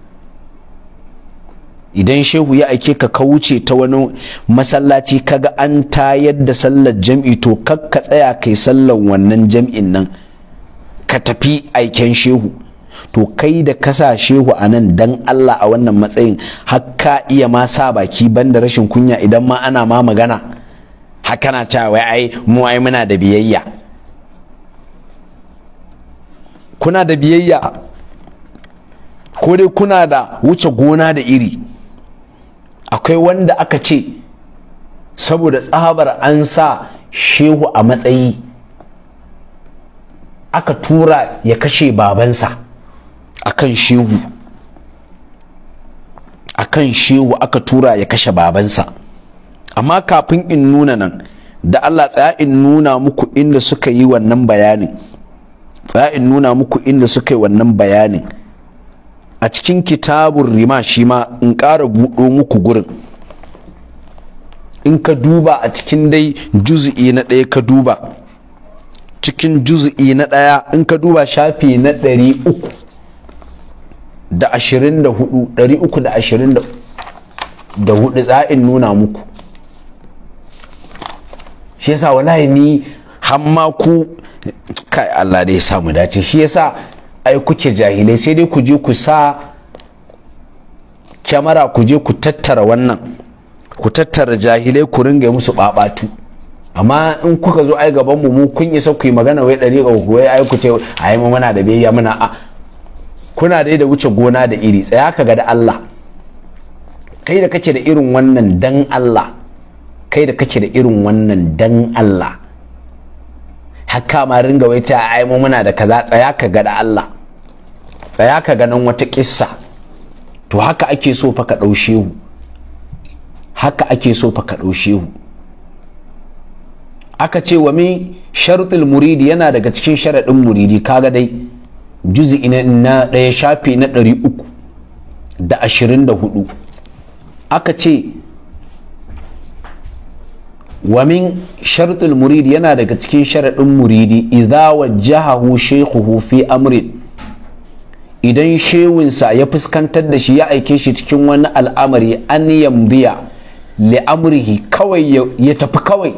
idan shehu ya aike ka ka wuce ta wani masallaci kaga an tayar da sallar jam'i to kar ka tsaya kai sallar wannan jam'in nan ka tafi aiken shehu to kai da ka sa shehu a nan dan Allah a wannan matsayin har iya ma sa baki banda rashin kunya idan ma ana ma magana haka na ta wai ai mu ai muna da biyayya kuna da biyayya ko dai kuna da wuce gona da iri akwai wanda aka ce saboda tsabar an sa shehu a matsayi aka tura ya kashe babansa akan shehu kan shehu aka tura ya kashe babansa amma kafin in nuna nan da Allah tsaya in nuna muku inda suka yi wannan bayanin tsaya in nuna muku inda suka yi wannan bayanin a cikin kitabun rima shi ma in ƙara buɗo muku gurin in ka duba a cikin dai juzu'i na ɗaya ka duba cikin juzu'i na ɗaya in ka duba shafi na ɗari uku da ashirin da hudu ɗari uku da ashirin da hudu tsa'in nuna muku shi yasa wallahi ni hamma ku kai Allah da ya samu dace shi yasa ai kuke jahilai sai dai ku je ku sa kyamara ku je ku tattara wannan ku tattara jahilai ku ringa musu babatu amma in kuka zo ai gaban mu mu kun isa ku yi magana wai ɗari ga wai ai ku ce ai mu muna da biyayya muna a kuna dai da wuce gona da iri tsaya ka ga da Allah kai da kake da irin wannan dan Allah kai da kake da irin wannan dan Allah hakka ma ringa wai ta ai mu muna da kaza tsaya ka ga da Allah tsaya ka ganin wata kissa to haka ake so fa ka ɗaushe hu haka ake so fa ka ɗaushe hu aka ce wa min sharuɗin muridi yana daga cikin sharaɗin muridi kaga dai juzi na ɗaya shafi na ɗari uku da ashirin da hudu aka ce wa min sharuɗin muridi yana daga cikin sharaɗin muridi idza wajjahahu shaykhuhu fi amrin idan shewinsa ya fuskantar da shi ya aike shi cikin wani al'amari an yambiya kawai ya tafi kawai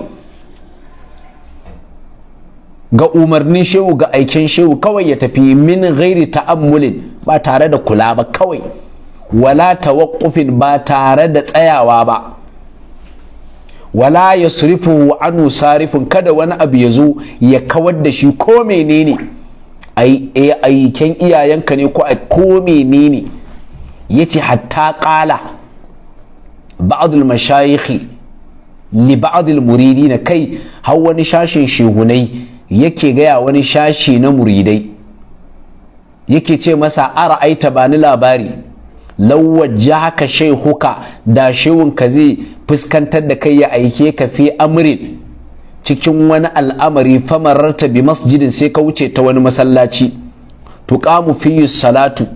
ga umarnin shehu ga aiken shehu kawai ya tafi min gairi ta'ammulin ba tare da kula ba kawai wala tawaqqufin ba tare da tsayawa ba wala yasrifu anu sarifin kada wani abu ya zo ya kawar da shi ko menene ne Eh, aiken iyayenka ne ko a ko menene ya ce hatta ƙala ba'adul mashayikhi li ba'adul muridi na kai har wani shashin shehunai yake gaya wani shashi na muridai yake ce masa ara aita ba ni labari ji haka shehuka da shehunka zai fuskantar da kai ya aike ka fi amrin cikin wani al'amari famararta bi masjidin sai ka wuce ta wani masallaci tuqamu fi salatu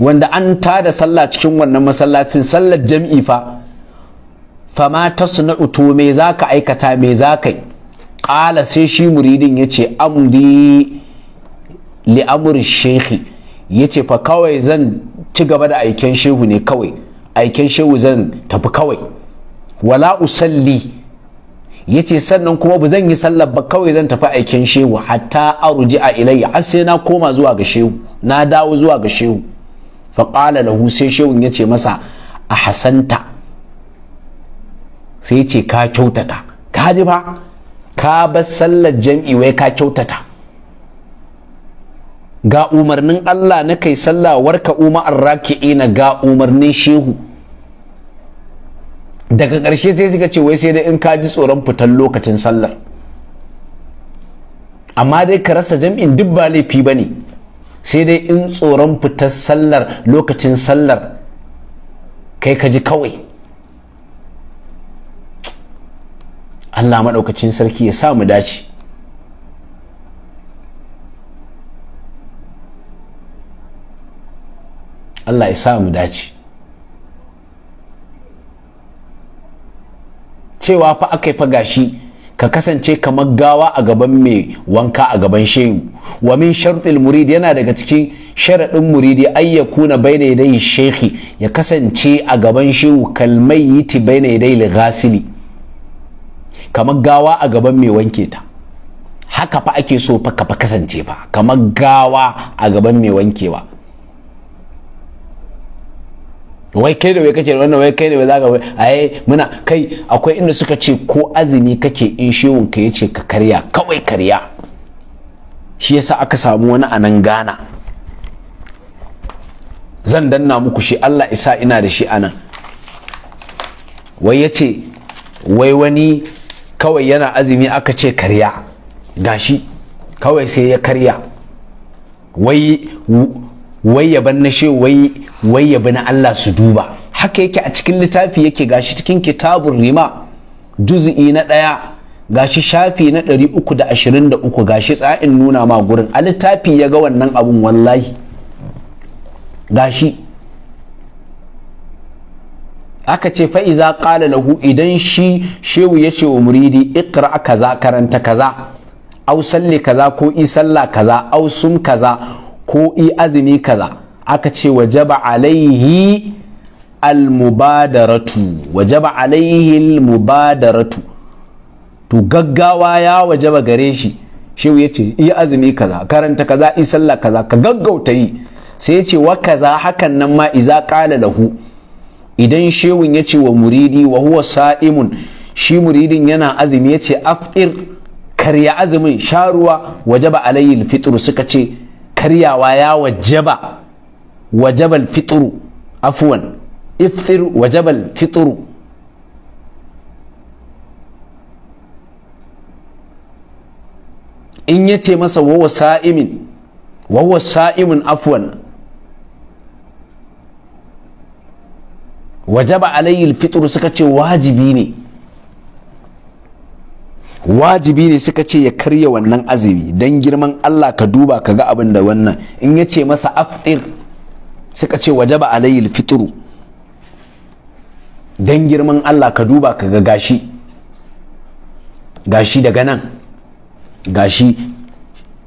wanda an tada sallah cikin wannan masallacin sallar jam'i fa fama tasna'u to me zaka aikata me zaka yi qala sai shi muridin yace amri li amr shekhi yace fa kawai zan ci gaba da aiken shehu ne kawai aiken shehu zan tafi kawai wala usalli Ya ce sannan kuma ba zan yi sallar ba kawai zan tafi aikin shehu hatta aruji a ilayya har sai na koma zuwa ga shehu na dawo zuwa ga shehu fa qala lahu sai shehun yace masa a hasanta sai ce ka kyautata ka ji ba ka bar sallar jam'i wai ka kyautata ga umarnin Allah na kai sallah warka umar raki'ina ga umarnin shehu daga ƙarshe sai suka ce wai sai dai in ka ji tsoron fitan lokacin sallar amma dai ka rasa jam'in duk ba laifi ba ne sai dai in tsoron fitar sallar lokacin sallar kai ka ji kawai Allah maɗaukacin sarki ya sa mu dace Allah ya sa mu dace cewa fa aka yi fa gashi ka kasance kamar gawa a gaban mai wanka a gaban shehu wa min shartil murid yana daga cikin sharaɗin muridi bai na bayna yi shehi ya kasance a gaban shehu bai bayna yaday yi ghasili kamar gawa a gaban mai wanke ta haka fa ake so fa ka fa kasance fa kamar gawa a gaban mai wankewa wai kai da wai kake wannan wai kai da wai zaka wai ai muna kai akwai inda suka ce ko azumi kake in shehun ka yace ka karya kawai karya shi yasa aka samu wani anan gana zan danna muku shi Allah isa ina da shi anan wai yace wai wani kawai yana azumi aka ce karya gashi kawai sai ya karya wai wai ya na shi wai wai ya na Allah su duba haka yake a cikin littafi yake gashi cikin kitabun rima juz'i na ɗaya gashi shafi na 323 gashi tsa'in nuna ma gurin a littafi ya ga wannan abun wallahi gashi aka ce fa'iza ƙala lahu idan shi shehu ya ce wa muridi ikra kaza karanta kaza au salli kaza ko isalla kaza au sum kaza ko i azumi kaza aka ce wajaba alaihi almubadaratu wajaba alaihi almubadaratu to gaggawa ya wajaba gare shi shehu ya ce i azumi kaza karanta kaza i sallah kaza ka gaggauta yi sai ya ce wa kaza hakan nan ma iza kala lahu idan shehun ya ce wa muridi wa huwa sa'imun shi muridin yana azumi ya ce aftir karya azumin sha ruwa wajaba alaihi alfitru suka ce karyawa ya wajaba wajabal fitru afwan iftir wajabal fitru in ya ce masa wawa sa'imin wawa sa'imin afwan wajaba alayhi fitru suka ce wajibi ne wajibi ne suka ce ya karya wannan azumi don girman Allah ka duba ka ga abin da wannan in ya ce masa aftir suka ce wajaba alayil fitru don girman Allah ka duba ka ga gashi gashi daga nan gashi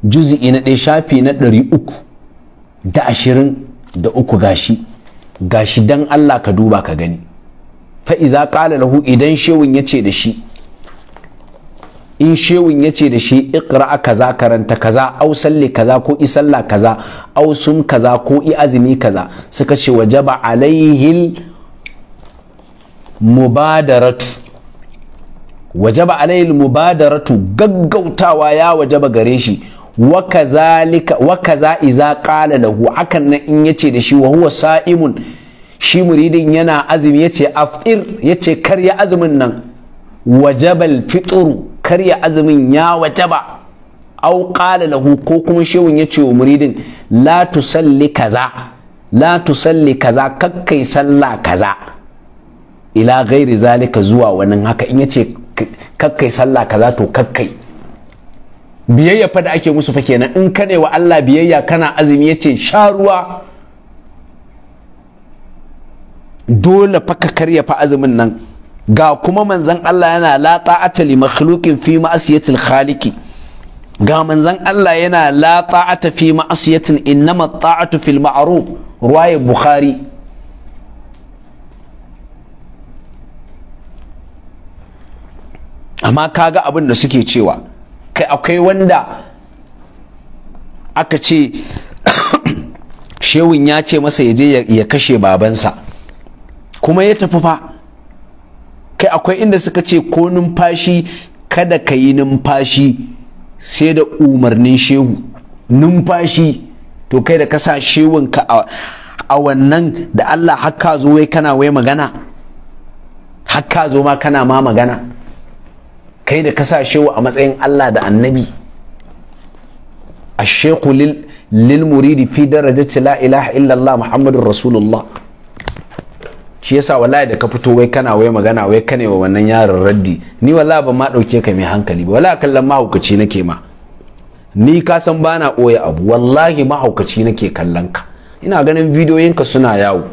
juz'i na ɗaya shafi na ɗari uku da ashirin da uku gashi gashi don Allah ka duba ka gani fa'iza ƙala lahu idan shewin ya ce da shi in shewin ya ce da shi iqra kaza karanta kaza au salli kaza ko isalla kaza au sum kaza ko i azumi kaza suka ce wajaba alaihil mubadaratu wajaba alaihil mubadaratu gaggautawa ya wajaba gare shi wa kaza iza qala lahu hakan nan in ya ce da shi wa huwa sa'imun shi muridin yana azumi yace afir yace karya azumin nan wajabal fitru karya azumin ya waje ba au qala lahu ko kuma shehun ya ce wa muridin la tusalli kaza la tusalli kaza kakkai sallah kaza ila gairi zalika zuwa wannan haka in yace kakkai sallah kaza to kakkai biyayya fa da ake musu fa kenan in kane wa Allah biyayya kana azumi yace sha ruwa dole fa ka karya fa azumin nan ga kuma manzan Allah yana la ta'ata li makhluqin fi ma'asiyatil khaliqi ga manzan Allah yana la ta'ata fi ma'asiyatin innama ta'atu fil ma'ruf ruwaya bukhari amma kaga abin da suke cewa kai akwai wanda aka ce [COUGHS] shewun ya ce masa ya je ya kashe babansa kuma ya tafi fa kai akwai inda suka ce ko numfashi kada ka yi numfashi sai da umarnin shehu numfashi to kai da ka sa a wannan da Allah hakka zo wai kana wai magana hakka zo ma kana ma magana kai da ka sa a matsayin Allah da annabi a sheku lil muridi fi darajati la ilaha illallah muhammadun rasulullah shi yasa wallahi da ka fito wai kana wai magana wai kane wa wannan yaron raddi ni wallahi ban ma dauke ka mai hankali ba wallahi kallon mahaukaci nake ma ni ka san bana oya abu wallahi mahaukaci nake kallon ka ina ganin bidiyoyin ka suna yawo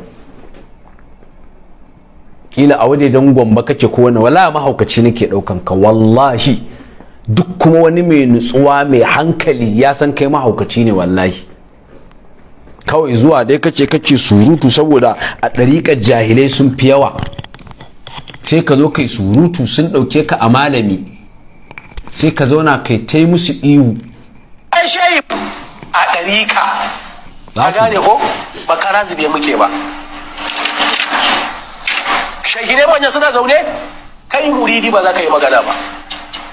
kila a dan gwamba kake ko wani wallahi mahaukaci nake daukan ka wallahi duk kuma wani mai nutsuwa mai hankali ya san kai mahaukaci ne wallahi kawai zuwa dai kake kake surutu saboda a ɗariƙar jahilai sun fi yawa sai ka zo kai surutu sun ɗauke ka a malami sai ka zauna kai ta yi musu ihu a ɗariƙa a gane ko ba zube muke ba shahidai manya suna zaune kai muridi ba za ka yi magana ba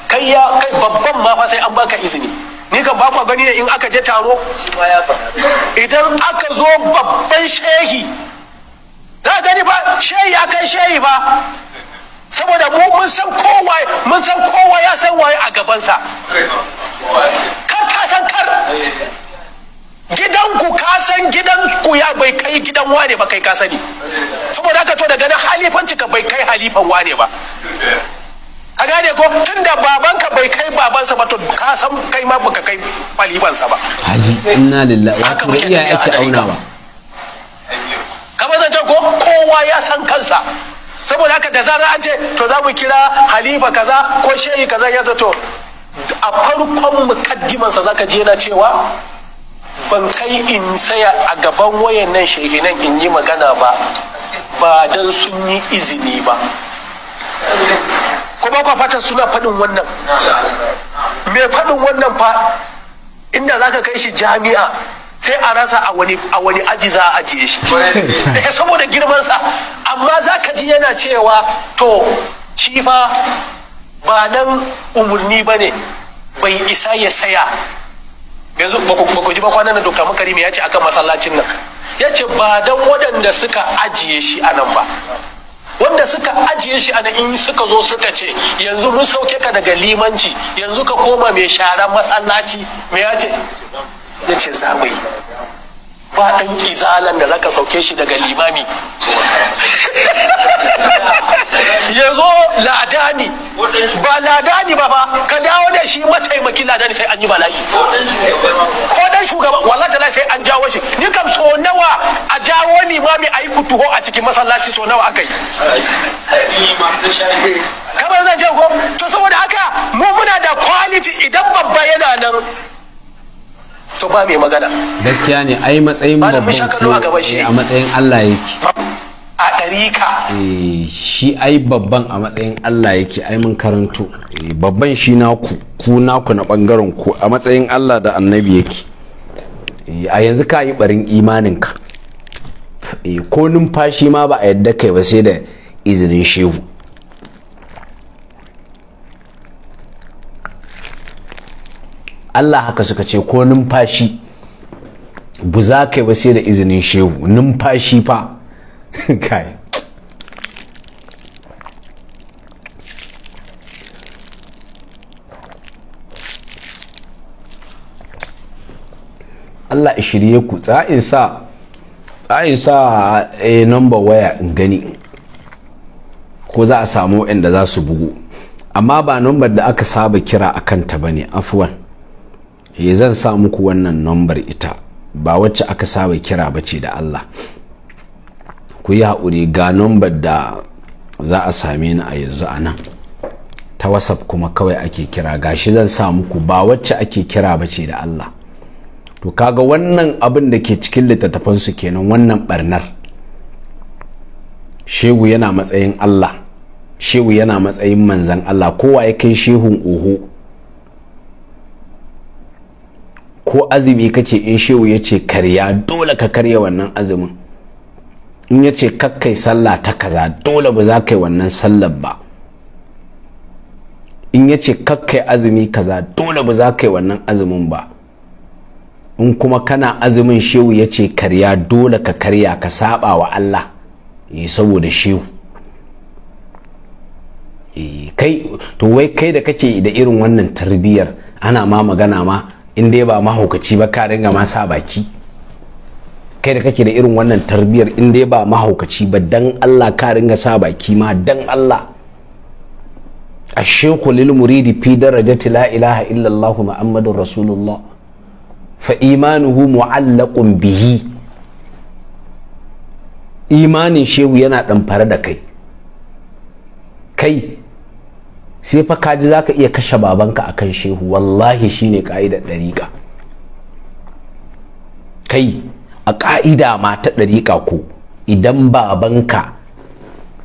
kai ya kai babban ma fa sai an baka izini ni ka ba ku gani in aka je taro idan aka zo babban shehi za a gani ba shehi ya kai shehi ba saboda mu mun san kowa mun san kowa ya san waye a gabansa kar ka san kar gidanku ka san gidanku ya bai kai gidan wane ba kai ka sani saboda haka to daga halifanci ka bai kai halifan wane ba ka gane ko tunda babanka bai kai babansa ba to ka san kai ma baka kai balibansa ba haji inna lillahi wa kuma iya yake aunawa kamar ta ko kowa ya san kansa saboda haka da zarar an ce to za mu kira halifa kaza ko shehi kaza ya zato a farkon mukaddimansa zaka je na cewa ban kai in saya a gaban wayannan nan shehinan in yi magana ba ba don sun yi izini ba ko kwa fatan suna faɗin wannan mai faɗin wannan fa inda za ka kai shi jami'a sai a rasa a wani aji za a ajiye shi eh saboda girman sa amma ka ji yana cewa to shi fa ba nan umurni bane bai isa ya saya yanzu ba ku ji ba kwanan da Dr. Makarimi ya ce akan masallacin nan ya ce ba dan waɗanda suka ajiye shi a nan ba wanda suka ajiye shi a in suka zo suka ce yanzu mun sauke ka daga limanci yanzu ka koma mai sharan masallaci me ya ce ya ce za yi ba ɗan izalan da zaka sauke shi daga limami ya zo ladani ba ladani ba ba ka dawo da shi mataimakin ladani sai an yi bala'i ko dan shugaba wallahi tala sai an jawo shi ni kam so nawa a jawo ni limami a yi kutuho a cikin masallaci so nawa aka yi kamar zan ce ko to saboda haka mu muna da kwaliti idan babba yana nan to ba mai magana gaskiya ne ai matsayin babban a matsayin Allah yake a ɗarika eh, shi ai babban a matsayin Allah yake ai mun karanto eh, babban shi naku ku naku na bangaren ku a matsayin Allah da annabi yake eh, a yanzu ka yi barin imaninka ko numfashi ma ba a yadda kai ba sai da izinin shehu Allah haka suka ce ko numfashi bu za ka yi ba sai da izinin shehu numfashi fa [LAUGHS] kai Allah ya shirye ku tsa'in sa tsa'in sa a eh, number waya in gani ko za a samu waɗanda za su bugu amma ba number da aka saba kira a kanta bane ne afuwan eh zan sa muku wannan nambar ita ba wacce aka saba kira ba ce da Allah ku yi haƙuri ga nambar da za a same ni a yanzu a nan ta whatsapp kuma kawai ake kira gashi zan sa muku ba wacce ake kira ba ce da Allah to kaga wannan abin da ke cikin littattafansu kenan wannan barnar shehu yana matsayin Allah shehu yana matsayin manzan Allah kowa ya kai shehun oho ko azumi kake in shehu ya ce karya dole ka karya wannan azumin in ya ce kakkai sallah ta kaza dole ba za ka yi wannan sallar ba in ya ce kakkai azumi kaza dole ba za ka yi wannan azumin ba in kuma kana azumin shehu ya ce karya dole ka karya ka saba wa Allah yi eh, saboda shehu eh, kai to wai kai da kake da irin wannan tarbiyyar ana ma magana ma in dai ba mahaukaci ba ka ringa ma sa baki kai da kake da irin wannan tarbiyar in dai ba mahaukaci ba dan Allah ka ringa sa baki ma dan Allah الشيخ للمريد fi درجة la ilaha إلا الله muhammadur rasulullah fa imanuhu mu'allaqun bihi. imanin shehu yana ɗamfare da kai kai sai fa kaji za ka iya kashe babanka a kan shehu wallahi shine ka'idar ɗariƙa kai a ƙa'ida ma ta ɗariƙa ko idan babanka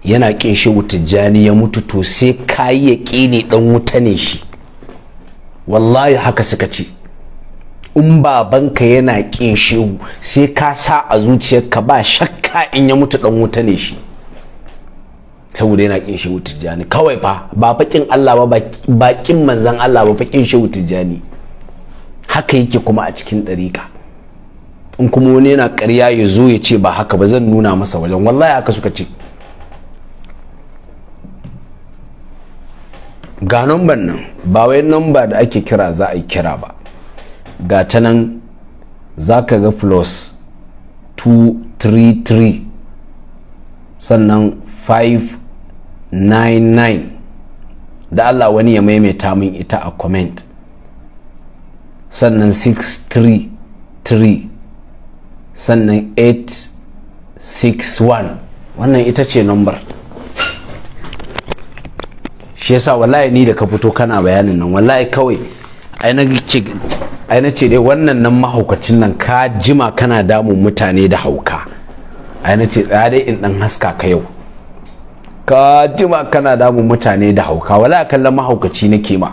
yana ƙin shehu tijjani ya mutu to sai ka yi ƙine ɗan wuta ne shi wallahi haka suka ce in babanka yana ƙin shehu sai ka sa a zuciyarka ba shakka in ya mutu ɗan wuta ne shi saboda yana kin shehu tijjani kawai fa ba fakin Allah ba bakin manzan Allah ba fakin shehu tijjani haka yake kuma a cikin ɗariƙa in kuma wani yana ƙarya ya zo ya ce ba haka ba zan nuna masa wajen wallahi haka suka ce ga number nan ba wai da ake kira za a yi kira ba ga ta nan za ka ga plus 233 sannan 99 da Allah wani ya maimaita min ita a comment sannan 633 sannan 861 wannan ita ce number shi yasa wallahi ni da ka fito kana bayanin nan wallahi kawai aina ce dai wannan nan mahaukacin nan ka jima kana damun mutane da hauka aina ce tsaya dai in dan haska ka yau ka jima kana damu mutane da hauka wala kallon mahaukaci na kema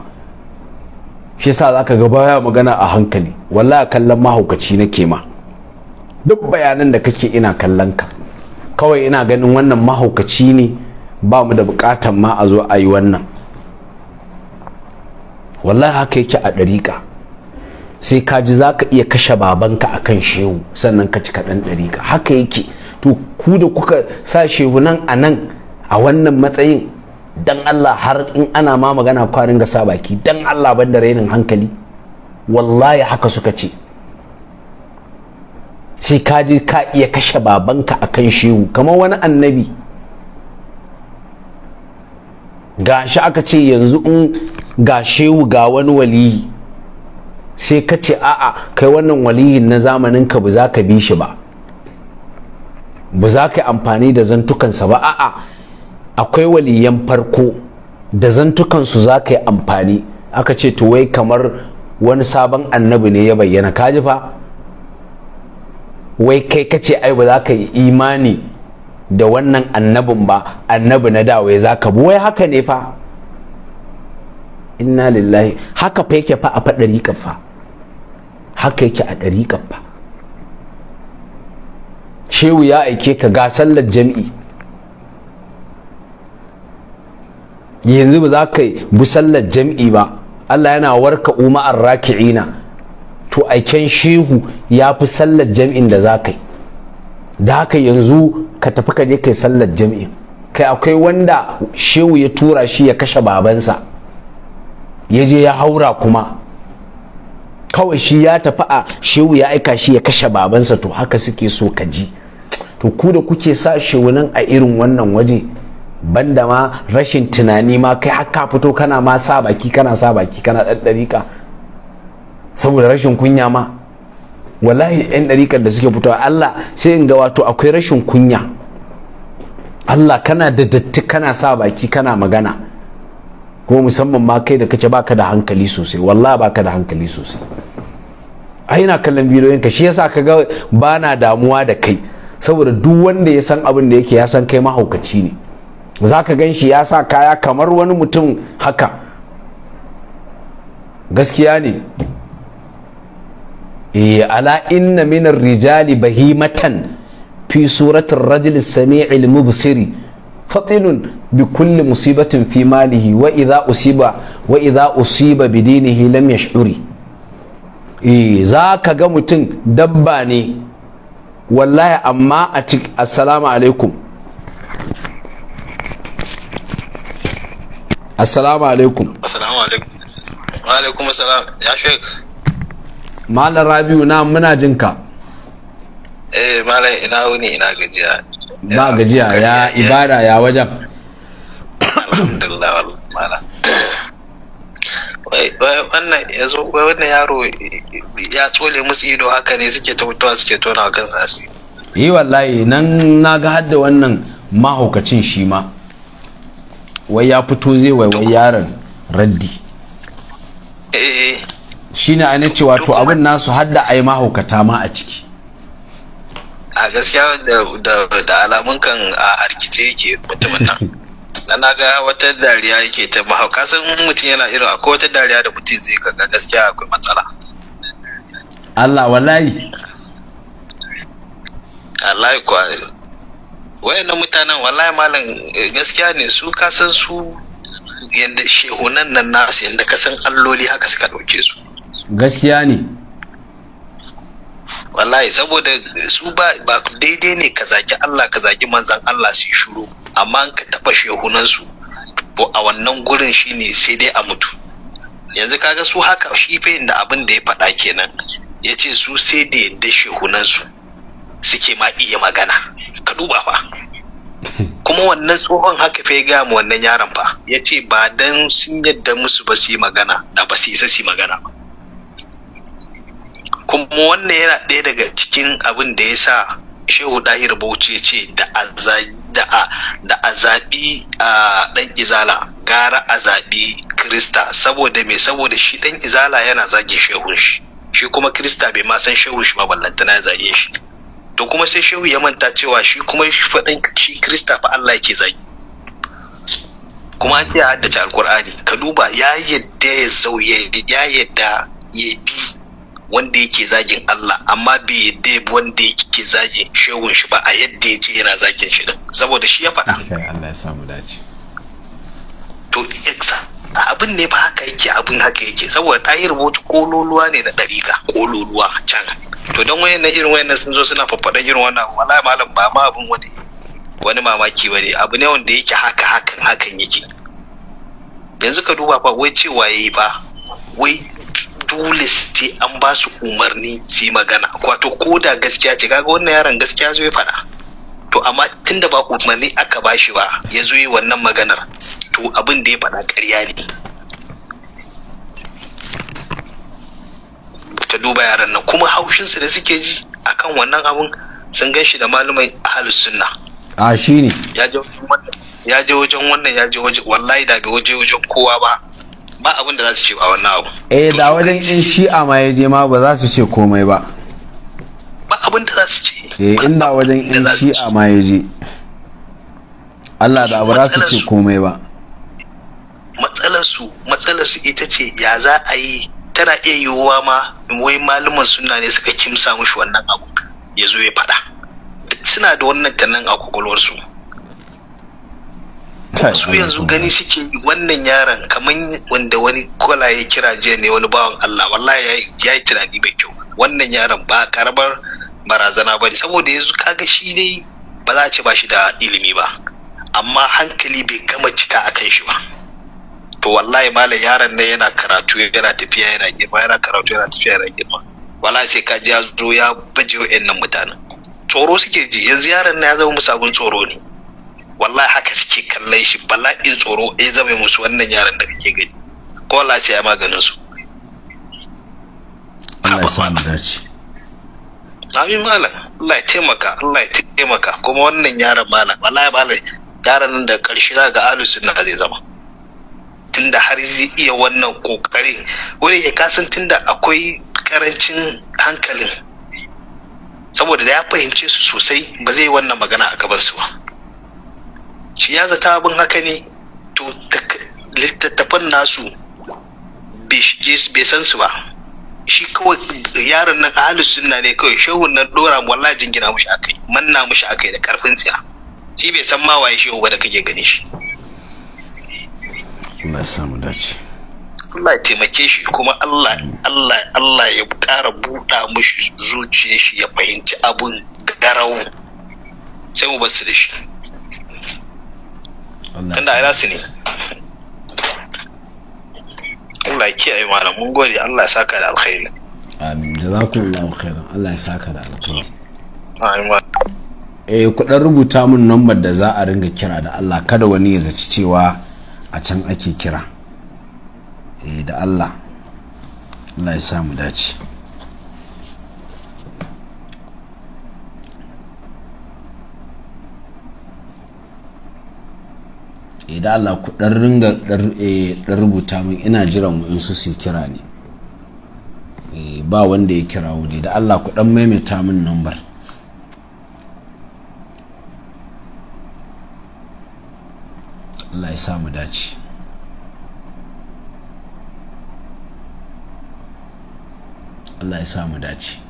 shi yasa zaka ga baya magana a hankali wala kallon mahaukaci na kema duk bayanan da kake ina kallon ka kawai ina ganin wannan mahaukaci ne ba mu da bukatan ma a zo a yi wannan wallahi haka yake a ɗariƙa sai ka ji za ka iya kashe babanka a kan shehu sannan ka ci kaɗan ɗariƙa haka yake to ku da kuka sa shehu nan a nan a wannan matsayin dan Allah har in ana ma magana kwarin ga baki dan Allah banda rainin hankali wallahi haka suka ce sai ka je ka iya kashe babanka akan shehu kamar wani annabi ga shi aka ce yanzu in ga shehu ga wani waliyi sai ka ce a'a kai wannan waliyin na zamanin ka za ka bi shi ba ba za ka yi amfani da zantukansa ba a'a akwai waliyan farko da zantukansu za ka yi amfani aka ce to wai kamar wani sabon annabi ne ya bayyana kaji fa wai kai kace ai ba za ka yi imani da wannan annabin ba annabi na da wai za ka bi wai haka ne fa inna lillahi haka fa yake fa a fa fa haka yake a ɗariƙar fa shehu ya aike ka ga sallar jam'i yanzu ba za ka bi sallar jam'i ba Allah yana warka umar raki'ina to aiken shehu ya fi sallar jam'in da za ka yi da haka yanzu ka tafi ka je kai sallar jam'in kai akwai wanda shehu ya tura shi ya kashe babansa ya je ya haura kuma kawai shi ya tafi a shehu ya aika shi ya kashe babansa to haka suke so ka ji to ku da kuke sa shewunan a irin wannan waje banda ma rashin tunani ma kai har fito kana ma sa baki kana sa baki kana dan dariƙa saboda rashin kunya ma wallahi yan dariƙar da suke fitowa Allah sai in ga wato akwai rashin kunya Allah kana da datti kana sa baki kana magana kuma musamman ma kai da kace baka da hankali sosai wallahi baka da hankali sosai ai ina kallon bidiyoyinka shi yasa kaga bana damuwa da kai saboda duk wanda ya san abin da yake ya san kai mahaukaci ne za ka gan shi ya sa kaya kamar wani mutum haka gaskiya ne eh, ala inna minar rijali bahimatan fi suratun rajul sami'il mubsiri fatinun bi kulli musibatin fi malihi wa idza usiba wa idza usiba bi dinihi lam yash'uri eh za ka ga mutum dabba ne wallahi amma a assalamu alaikum assalamu alaikum assalamu alaikum wa alaikum assalam ya shek malam rabiu na muna jin ka eh malam ina wuni ina gajiya ba gajiya ya ibada ya wajen alhamdulillah malam wannan ya wai wannan yaro ya tsole musu ido haka ne suke ta mutuwa suke tona kan sasi yi eh, wallahi nan na ga hadda wannan mahaukacin shi ma wai ya fito zai wai yaron raddi eh. shi ne ainihin cewa to abin nasu hadda a yi mahaukata ma a ciki a gaskiya da alamun kan a harkice yake mutumin nan [LAUGHS] na na ga wata dariya yake ta mahauka sun mutum yana irin a wata dariya da mutum zai kaga gaskiya akwai matsala Allah wallahi Allah kuwa wayannan mutanen wallahi malam eh, gaskiya ne su kasan su yadda shehunan nan nasu yadda kasan alloli haka suka ɗauke su gaskiya ne wallahi saboda su ba daidai ne ka zaki Allah ka zaki manzan Allah su yi shuru amma ka taɓa shehunan su to a wannan gurin shine sai dai a mutu yanzu kaga su haka shi fa da abin da ya faɗa kenan ya ce su sai da yadda shehunan su suke ma iya magana ka duba fa kuma wannan tsohon haka fa ya gaya mu wannan yaron fa ya ce ba dan sun yadda musu ba su yi magana da ba su isa su yi magana kuma wannan yana ɗaya daga cikin abin da ya sa shehu dahir bauchi ce da a zaɓi a ɗan izala gara a zaɓi krista saboda me saboda shi ɗan izala yana zagin shehun shi shi kuma krista bai ma san shehun shi ba ballantana ya zage shi to kuma sai shehu ya manta cewa shi kuma shi faɗin shi krista fa Allah yake zagi kuma an ya haddace alkur'ani ka duba ya yadda ya sauye ya yadda ya bi wanda yake zagin Allah amma bai yadda bi wanda yake zagin shehun shi ba a yadda ya ce yana zagin shi din saboda shi ya faɗa Allah ya samu dace to abin ne ba haka yake abin haka yake saboda ɗahir wata kololuwa ne na ɗariƙa kololuwa can to don wayan nan irin wayan sun zo suna faffaɗan irin wannan wala malam ba ma abin wani wani mamaki bane abu ne wanda yake haka hakan hakan yake yanzu ka duba fa wai cewa yayi ba wai dole sai an ba su umarni su magana wato ko da gaskiya ce kaga wannan yaron gaskiya zai faɗa to amma tunda ba umarni aka ba shi ba ya zo yi wannan maganar to abin da ya faɗa ƙarya ne ta duba yaran nan kuma haushinsu da suke ji akan wannan abun sun gan shi da malumai ahalus sunna a shi ne ya je wajen wannan ya je wajen wallahi da bai waje wajen kowa ba ba abin da za su ce ba wannan abu eh da wajen in shi'a ma ya je ma ba za su ce komai ba ba abin da za su ce eh inda wajen in shi'a ma ya je Allah da ba za su ce komai ba matsalar su matsalar su ita ce ya za a yi tana iya yiwuwa ma wai malaman suna ne suka kimsa mushi wannan abu ya zo ya faɗa suna da wannan tannan a kwakwalwarsu su yanzu gani suke wannan yaron kamar wanda wani kola ya kira jiya ne wani bawan Allah wallahi ya yi tunani mai kyau wannan yaron ba karamar barazana ba saboda yanzu kaga shi dai ba za a ci ba shi da ilimi ba amma hankali bai gama cika a kan shi ba to wallahi malam yaron ne yana karatu yana tafiya yana girma yana karatu yana tafiya yana girma wallahi sai ka ji ya zo ya baje wa'annan mutanen tsoro suke ji yanzu yaron na ya zama musu abin tsoro ne wallahi haka suke kallon shi bala'in tsoro ya zama musu wannan yaron da kake gani ko wallahi sai ya maganin su Allah ya samu dace Amin malam Allah ya taimaka Allah ya taimaka kuma wannan yaron malam wallahi malam yaron da karshe za ga alusun zai zama tunda har zai iya wannan kokari wani ya kasan tunda akwai karancin hankalin saboda da ya fahimce su sosai ba zai wannan magana a gabansu ba shi ya zata abin haka ne to littattafan nasu bai san su ba shi kawai yaron nan a halin sunna ne kawai shehun nan dora wallahi jingina mushi akai manna mushi akai da karfin tsiya shi bai san ma waye shehu ba da kake gani shi Allah ya samu dace Allah ya taimake shi kuma Allah Allah Allah ya ƙara buɗa mushi zuciyar shi ya fahimci abun garau sai mu bar su da shi tunda ai nasu ne Allah ya kiyaye malam mun gode Allah ya saka da alkhairi amin jazakumullahu khairan Allah ya saka da alkhairi amin eh ku dan rubuta mun number da za a ringa kira da Allah kada wani ya zaci cewa a can ake kira e, da allah allah ya samu dace eh, da Allah ku dan ringa dan eh, rubuta min ina jiran in su su kira ne ba wanda ya kira ne da Allah ku dan maimaita min nambar Allah ya sa mu dace Allah ya sa mu dace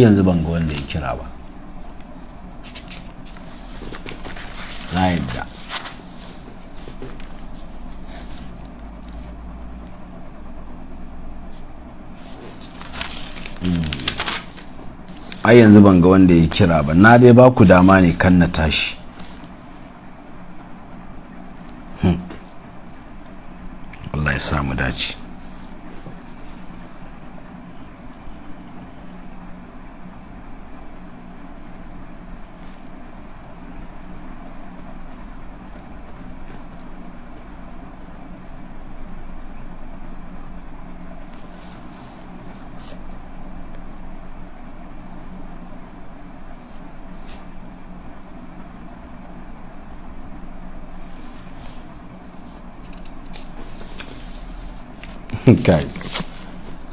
har yanzu ban ga wanda ya kira ba na yadda ai yanzu ban ga wanda ya kira ba na dai ba ku dama ne kan na tashi hmm. Allah ya samu dace [LAUGHS] kai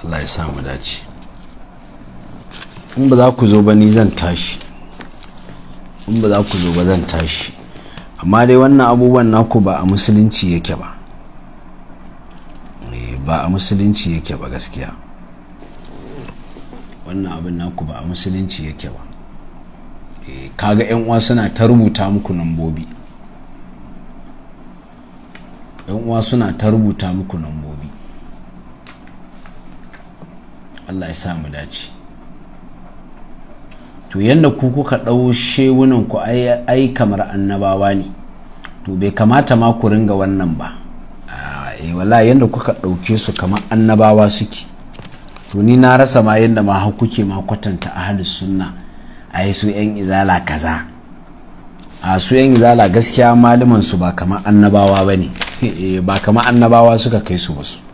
Allah ya samu dace in ba za ku zo ba ni zan tashi in ba za ku zo ba zan tashi amma dai wannan abubuwan naku ba a musulunci yake ba eh, ba a musulunci yake ba gaskiya wannan abin naku ba a musulunci yake ba eh, kaga yan uwa suna ta rubuta muku nambobi yan uwa suna ta rubuta muku nambobi Allah ya sa mu dace to yanda ku kuka ɗau shewunan ku ai kamar annabawa ne to bai kamata ma ku ringa wannan ba eh wala yanda kuka ɗauke su kamar annabawa suke to ni na rasa ma yadda ma har kuke ma kwatanta ahlus sunna ai su yan izala kaza a su yan izala gaskiya malaman su ba kamar annabawa bane [LAUGHS] eh, ba kamar annabawa suka kai su ba su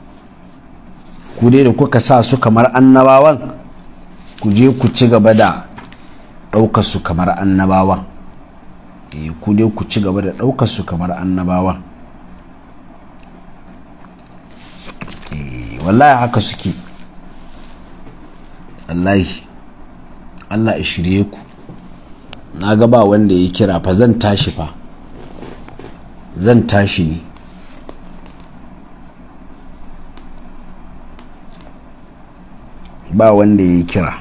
ku dai da kuka sa su kamar annabawan ku je ku ci gaba da ɗaukar su kamar annabawan eh, ku dai ku ci gaba da ɗaukar su kamar annabawan eh, wallahi haka suke wallahi allah ya shirye ku na ga ba wanda ya kira fa zan tashi fa zan tashi ne ba wanda ya kira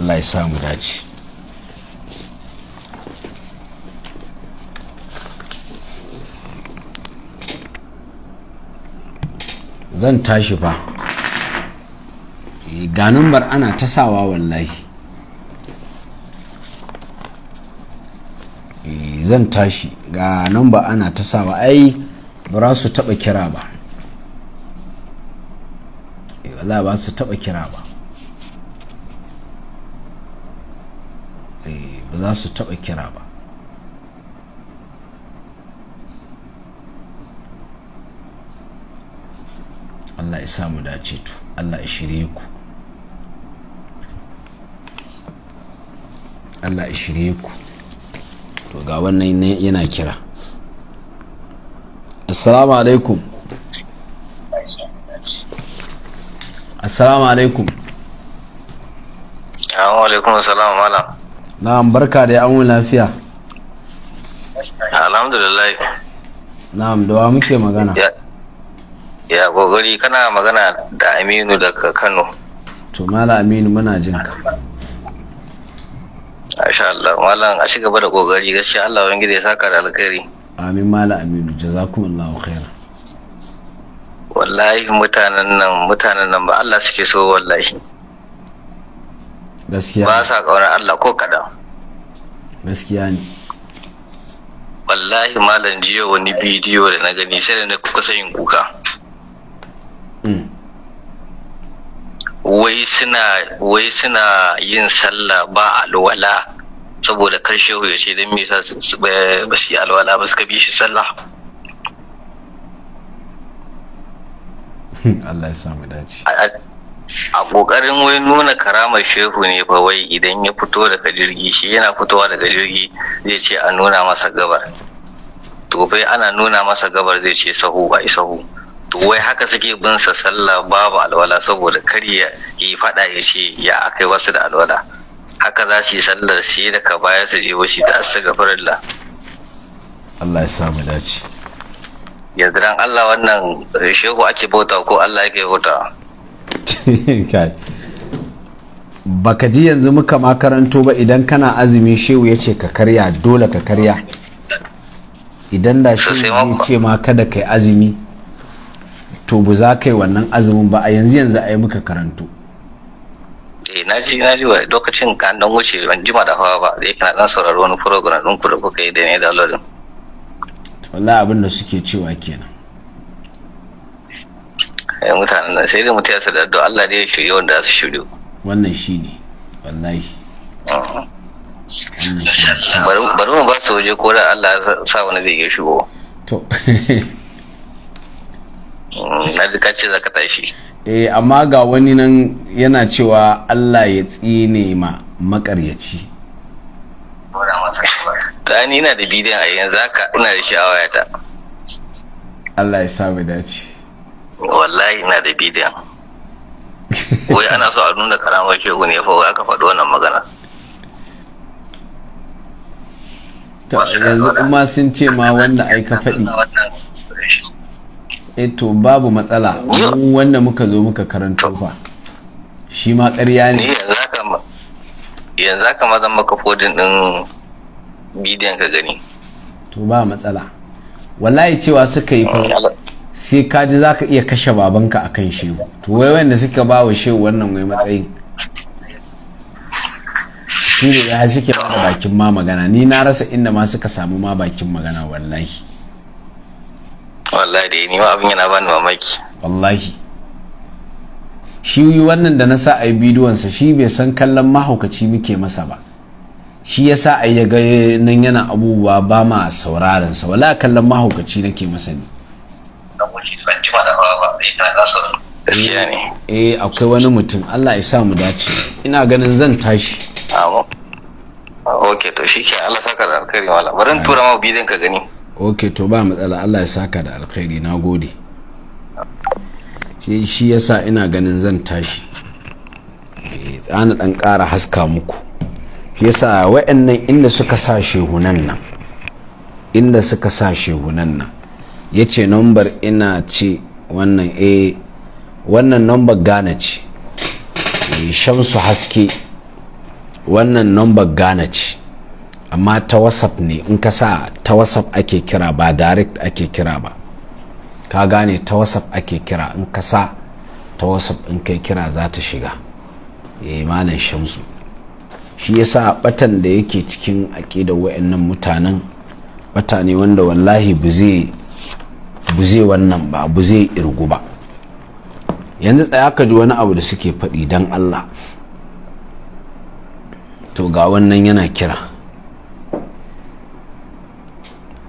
Allah ya samu dace zan tashi fa eh, ga numbar ana ta sawa wallahi Eh, zan tashi ga nan ba ana ta sawa ai ba su taba kira ba eh, wala ba su taba kira ba ba za su taba eh, kira ba Allah ya samu dace tu Allah ya shirye ku Allah ya shirye ku to ga wannan yana kira assalamu alaikum assalamu alaikum assalamu alaikum assalamu malam na'am barka da an lafiya alhamdulillah na'am da muke magana ya gogori kana magana da aminu daga kano to mala aminu muna jin ka Masha Allah, malam a cigaba da kokari gaskiya Allah wani gida ya saka da alkhairi. Amin malam Aminu, jazakumullahu khair. Wallahi mutanen nan mutanen nan ba Allah suke so wallahi. Gaskiya. Ba sa kaunar Allah ko kaɗan. Gaskiya ne. Wallahi malam jiya wani bidiyo da na gani sai da na kusa yin kuka. wai suna yin sallah ba alwala saboda karshe shehu ya ce don me yasa eh, ba su yi alwala ba suka bi shi sallah hmm, Allah ya samu dace a kokarin wai nuna karamar shehu ne fa wai idan ya fito daga jirgi shi yana fitowa daga jirgi zai ce a nuna masa gabar to ana nuna masa gabar zai ce sahu ba sahu wai haka suke bin sa sallah babu alwala saboda kar ya yi fada ya ce ya akai wasu da alwala haka za su yi sallar su da ka baya su je wasu da astagfirullah Allah ya samu dace yanzu dan Allah wannan shehu ake bauta ko Allah yake bauta [LAUGHS] kai baka ji yanzu muka ma karanto ba idan kana azumi shehu ya ce ka karya dole ka karya idan da shi ce ma kada kai azumi to bu za ka yi wannan azumin ba a yanzu yanzu a yi muka karantu eh, na ji na ji lokacin ka dan wuce ban jima da hawa ba da yake na dan sauraro wani program din ku da kuka yi da ne da lodin wallahi abin da suke cewa kenan eh mutanen nan sai da mutaya su da addu'a Allah dai ya shirye wanda su shirye wannan shine wallahi bari mu ba su waje ko da Allah ya sa wani zai ya shigo to [LAUGHS] Mm, na ji kace za ka tashi eh amma ga wani nan yana cewa Allah ya tsine ma makaryaci ta ni ina da bidiyon a yanzu haka ina da shi a wayata Allah ya sa mu dace wallahi ina da bidiyon wai ana so a nuna karamar shegu ne fa aka faɗi wannan magana yanzu kuma sun ce ma wanda ai ka faɗi Eh to babu matsala wanda muka zo muka karanta fa shi ma ƙarya ne yanzu aka ma zan maka fodin ɗin bidiyon ka gani to ba matsala wallahi cewa suka yi mm, sai kaji za ka iya kashe babanka a kan shehu to wai wanda suka ba wa shehu wannan wai matsayin shi ne ya suke ma bakin ma magana ni na rasa inda ma suka samu ma bakin magana wallahi wallahi da ni ma abin yana bani mamaki wallahi shi wannan da na sa a yi bidiyonsa shi bai san kallon mahaukaci muke masa ba shi ya sa a yi ga nan yana abubuwa ba ma sauraron sa wala kallon mahaukaci nake masa ne eh, eh akwai wani mutum Allah ya sa mu dace ina ganin zan tashi ok to shi ke Allah saka da alkarin wala barin tura ma bidiyon ka gani ok to ba matsala allah ya saka da alkhairi na gode shi yasa ina ganin zan tashi eh, tsana dan kara haska muku shi yasa wa'annan inda suka sa shehunan nan inda suka sa shehunan nan ya ce nombar ina ce wannan a eh, wannan nombar gana ce eh, shamsu haske wannan nambar gana ce amma ta whatsapp ne in ka sa ta whatsapp ake kira ba direct ake kira ba ka gane ta whatsapp ake kira in ka sa ta whatsapp in kai kira za ta shiga ya eh, malam shamsu shi yasa batan da yake cikin aƙidar wa'annan mutanen bata ne wanda wallahi bu zai wannan ba bu zai irgu ba yanzu tsaya ka ji wani abu da suke faɗi don allah to ga wannan yana kira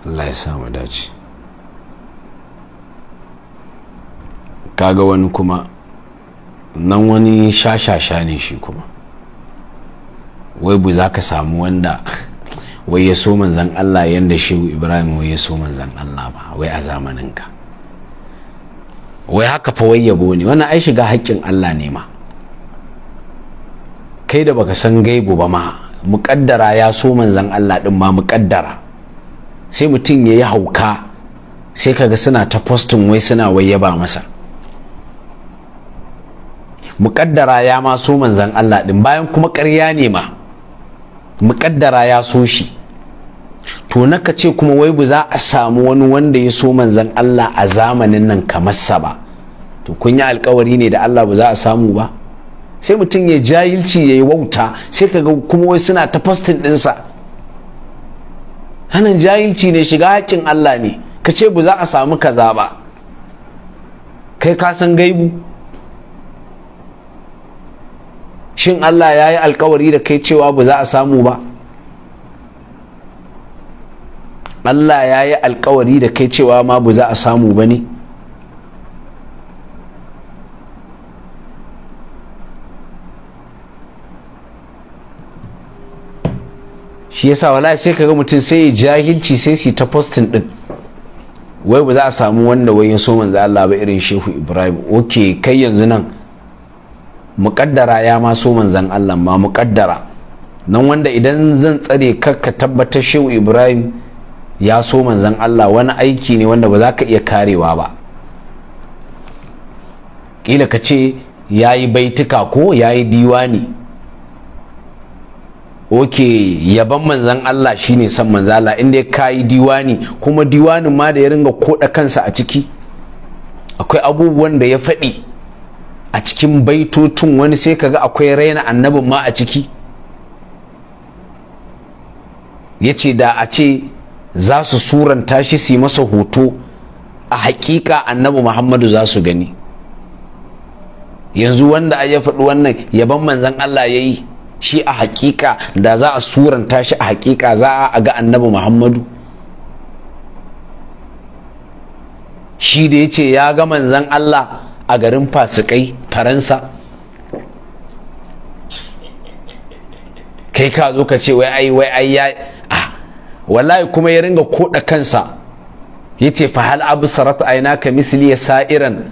Allah ya sa mu dace kaga wani kuma nan wani shashasha ne shi kuma wai bu za ka samu wanda wai ya so manzan Allah yadda shehu ibrahim wai ya so manzan Allah ba wai a zamaninka wai haka fa wai yabo ne wannan ai shiga haƙƙin Allah ne ma kai da baka san gaibu ba ma muƙaddara ya so manzan Allah ɗin ma muƙaddara sai mutum ya yi hauka sai kaga suna ta postin wai suna wai ya ba masa muƙaddara ya ma so manzan Allah ɗin bayan kuma ƙarya ne ma muƙaddara ya so shi to naka ce kuma wai bu za a samu wani wanda ya so manzan Allah a zamanin nan kamarsa ba to kun yi alkawari ne da Allah ba za a samu ba sai mutum ya jahilci ya yi wauta sai kaga kuma wai suna ta postin ɗinsa hanan jahilci ne shiga hakkin Allah ne ka ce ba za a samu kaza ba kai ka san gaibu shin Allah ya yi alkawari da kai cewa ba za a samu ba Allah ya yi alkawari da kai cewa ma ba za a samu ba ne shi yasa wallahi sai kaga mutum sai ya jahilci sai su ta postin din wai ba za a samu wanda wai ya so manzo Allah ba irin Shehu Ibrahim okay kai yanzu nan muƙaddara ya ma so manzan Allah ma muƙaddara nan wanda idan zan tsare ka ka tabbatar Shehu Ibrahim ya so manzan Allah wani aiki ne wanda ba za ka iya karewa ba kila ka ce ya yi baituka ko ya yi diwani oke yaban manzan Allah shine san manzan Allah inda ya kayi diwani kuma diwanin ma da ya ringa koda kansa a ciki akwai abubuwan da ya faɗi a cikin baitotun wani sai kaga akwai raina annabin ma a ciki ya ce da a ce za su suranta shi su yi masa hoto a haƙiƙa annabi muhammadu za su gani yanzu wanda ya faɗi wannan yaban manzan Allah ya yi shi a hakika da za a suranta shi a hakika za a ga annabi muhammadu shi da ya ce ya ga manzan allah a garin fasikai faransa kai ka zo ka ce wai ai wai ai ya wallahi kuma ya ringa koda kansa ya ce fa hal abu sarat aina ka misli ya sa'iran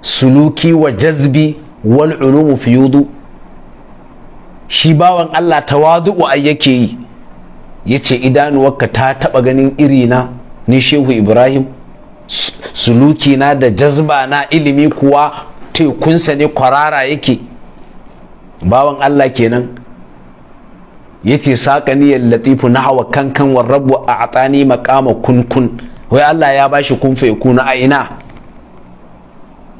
suluki wa jazbi wal ulumu yudu shi bawan Allah tawadu'u ai yake yi yace idanuwarka ta taba ganin iri na ni shehu ibrahim suluki na da jazba na ilimi kuwa tekunsa ne kwarara yake bawan Allah kenan yace saƙaniyar latifu na hawa kankan wa rabu a atani makama kunkun wai Allah ya bashi kun fa na a ina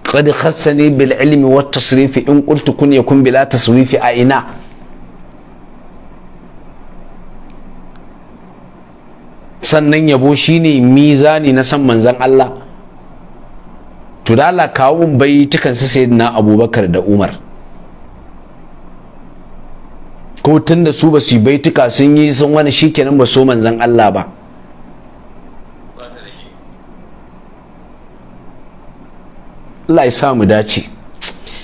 qad khassani bil ilmi wat tasrifi in qultu kun yakun bila taswifi a ina sannan yabo shine mizani na san manzan Allah to da Allah kawo mun tukan su sayyidina Abubakar da Umar ko tunda su ba su baituka sun yi sun wani shikenan ba so manzan Allah ba Allah ya sa mu dace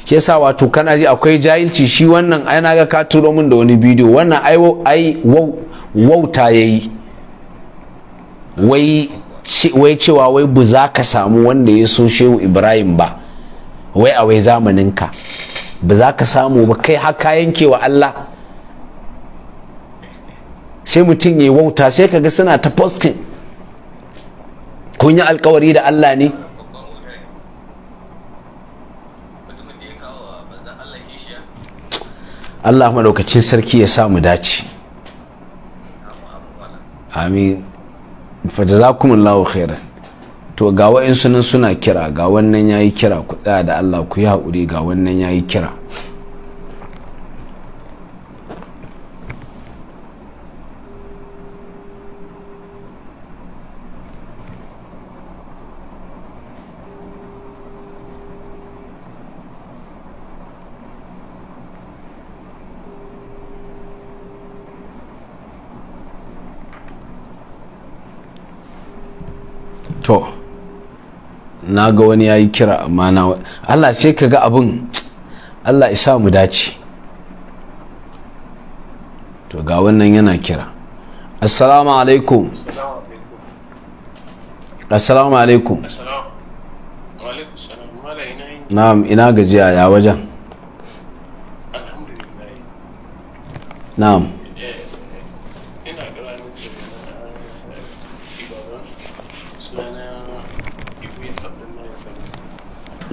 yasa wato kana ji akwai jahilci shi wannan ai ga ka turo min da wani bidiyo wannan ai wauta yayi wai cewa wai bu za ka samu wanda ya so shehu ibrahim ba wai a wai zamaninka ba za ka samu ba kai haka yankewa allah sai mutum ya wauta sai ka ga suna ta postin kun yi alkawari da allah ne allah maɗaukacin sarki ya samu dace amin fajazakumullahu khairan to ga wa'in sunan suna kira ga wannan yayi kira ku tsaya da Allah ku yi haƙuri ga wannan yayi kira to na ga wani ya yi kira amma na Allah sai ka ga abin Allah isa mu dace to ga wannan yana kira assalamu alaikum assalamu alaikum na'am ina gajiya ya wajen na'am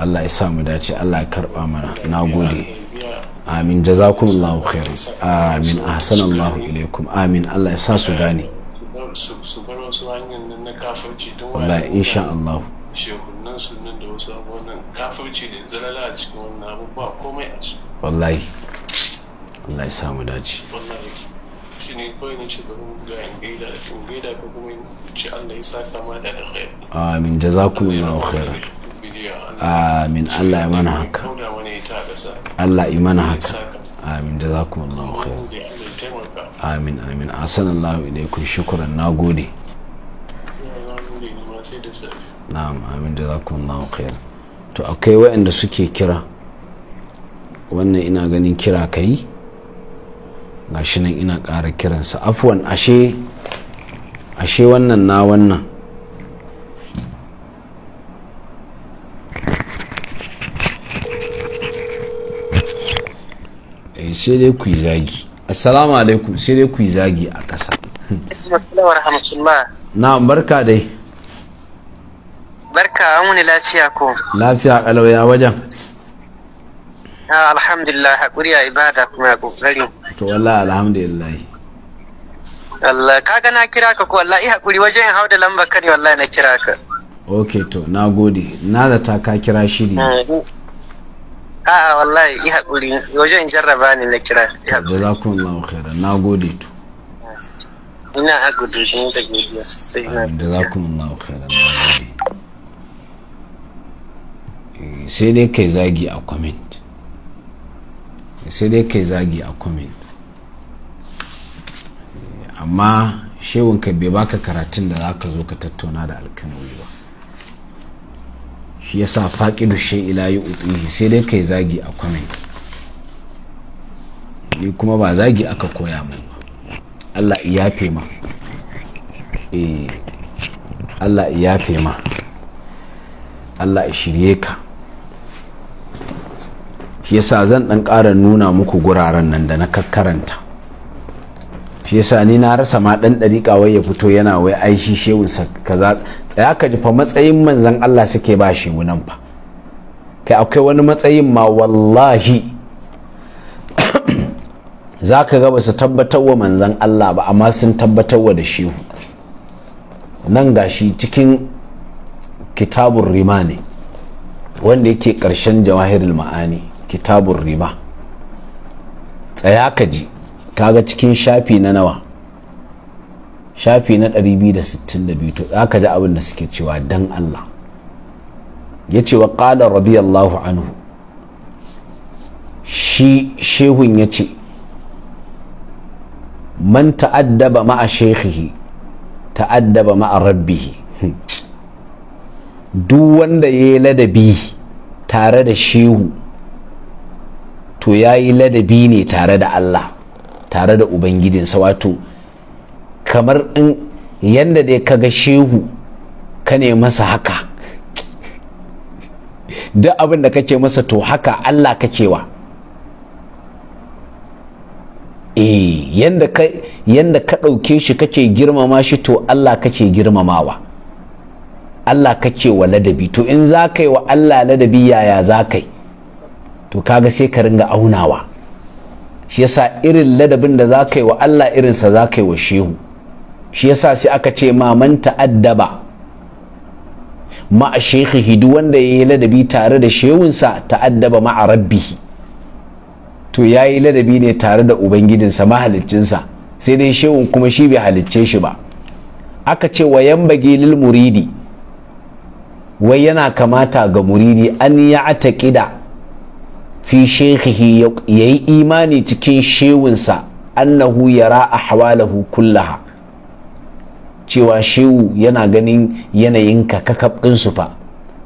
Allah ya samu dace Allah ya karba mana nagode amin jazakumullahu khairan amin ahsanallahu ilaikum amin Allah ya sa su gane wallahi insha Allah shehunan sunan da wasu abubuwan kafirci da zalala a cikin wannan abubuwa komai a ciki wallahi Allah ya samu dace wallahi shi ne kawai na ce bari ga gaida in gaida ka kuma ce Allah ya saka ma da alkhairi amin jazakumullahu khairan amin Allah ya mana haka Allah ya mana haka amin da za ku Allah khair amin amin kun shukuran na gode na'am amin da za ku Allah khair to akwai waɗanda suke kira wannan ina ganin kira ka ga shi nan ina ƙara kiransa afwan ashe ashe wannan na wannan ne eh, sai dai ku yi zagi assalamu alaikum sai dai ku yi zagi a ƙasa na barka dai barka an wani lafiya ko lafiya kalauya wajen ah, alhamdulillah haƙuri a ibada kuma ƙoƙari to wallah alhamdulillah Allah ka ga na kira ka ko wallahi haƙuri wajen hau da lamba kare wallahi na kira ka Ok to na gode na da ta ka kira shiri a'a wallahi yi haƙuri wajen jarraba ne na kira jazakumullahu khairan na gode to ina a gudu shi da godiya sosai na jazakumullahu khairan eh, sai dai kai zagi a comment eh, sai dai kai zagi a comment eh, amma shewinka bai baka karatun da za ka zo ka tattauna da alkanawi ba shi yasa faqidu shay'i la yu'tihi sai dai kai zagi a kwamen ni kuma ba zagi aka koya mu Allah ya fe ma eh Allah ya fe ma Allah ya shirye ka shi yasa zan dan ƙara nuna muku guraren nan da na kakkaranta shi yasa ni na rasa ma dan dariƙa wai ya fito yana wai ai shi sa kaza tsaya ka ji fa matsayin manzon Allah suke ba shi nan fa kai akwai wani matsayin ma wallahi [COUGHS] za ka ga ba su tabbatar wa manzan Allah ba amma sun tabbatar wa da shehu nan gashi cikin kitabun rima ne wanda yake karshen jawahirul ma'ani kitabun rima tsaya ka ji kaga cikin shafi na nawa shafi na 262 to aka ji abin da suke cewa dan Allah ya ce wa qala radiyallahu anhu shi shehun yace ce man ta'addaba ma'a shekhihi ta'addaba ma'a rabbihi [LAUGHS] duk wanda yayi ladabi tare da shehu to yayi ladabi ne tare da Allah tare da sa, wato kamar in yadda dai kaga shehu ka ne masa haka duk abin da kake masa to haka Allah kakewa eh yanda ka yanda ka ɗauke shi kake girmama shi to Allah kake girmamawa Allah kake wa ladabi to in za ka wa Allah ladabi yaya za kai, to kaga sai ka ringa aunawa shi yasa irin ladabin da za ka yi wa Allah irinsa za ka yi wa shehu shi yasa sai aka ce maman ta'addaba ma a duk wanda ya yi ladabi tare da shehunsa ta'addaba ma rabbihi to ya yi ladabi ne tare da ubangidinsa mahaliccinsa sai dai shehun kuma shi bai halicce shi ba aka ce wa yambage lil muridi wai yana kamata ga muridi an ya taƙida fi shekhihi ya yi imani cikin shewinsa annahu yara hawalahu kullaha cewa shehu yana ganin yanayinka kakab ɗinsu fa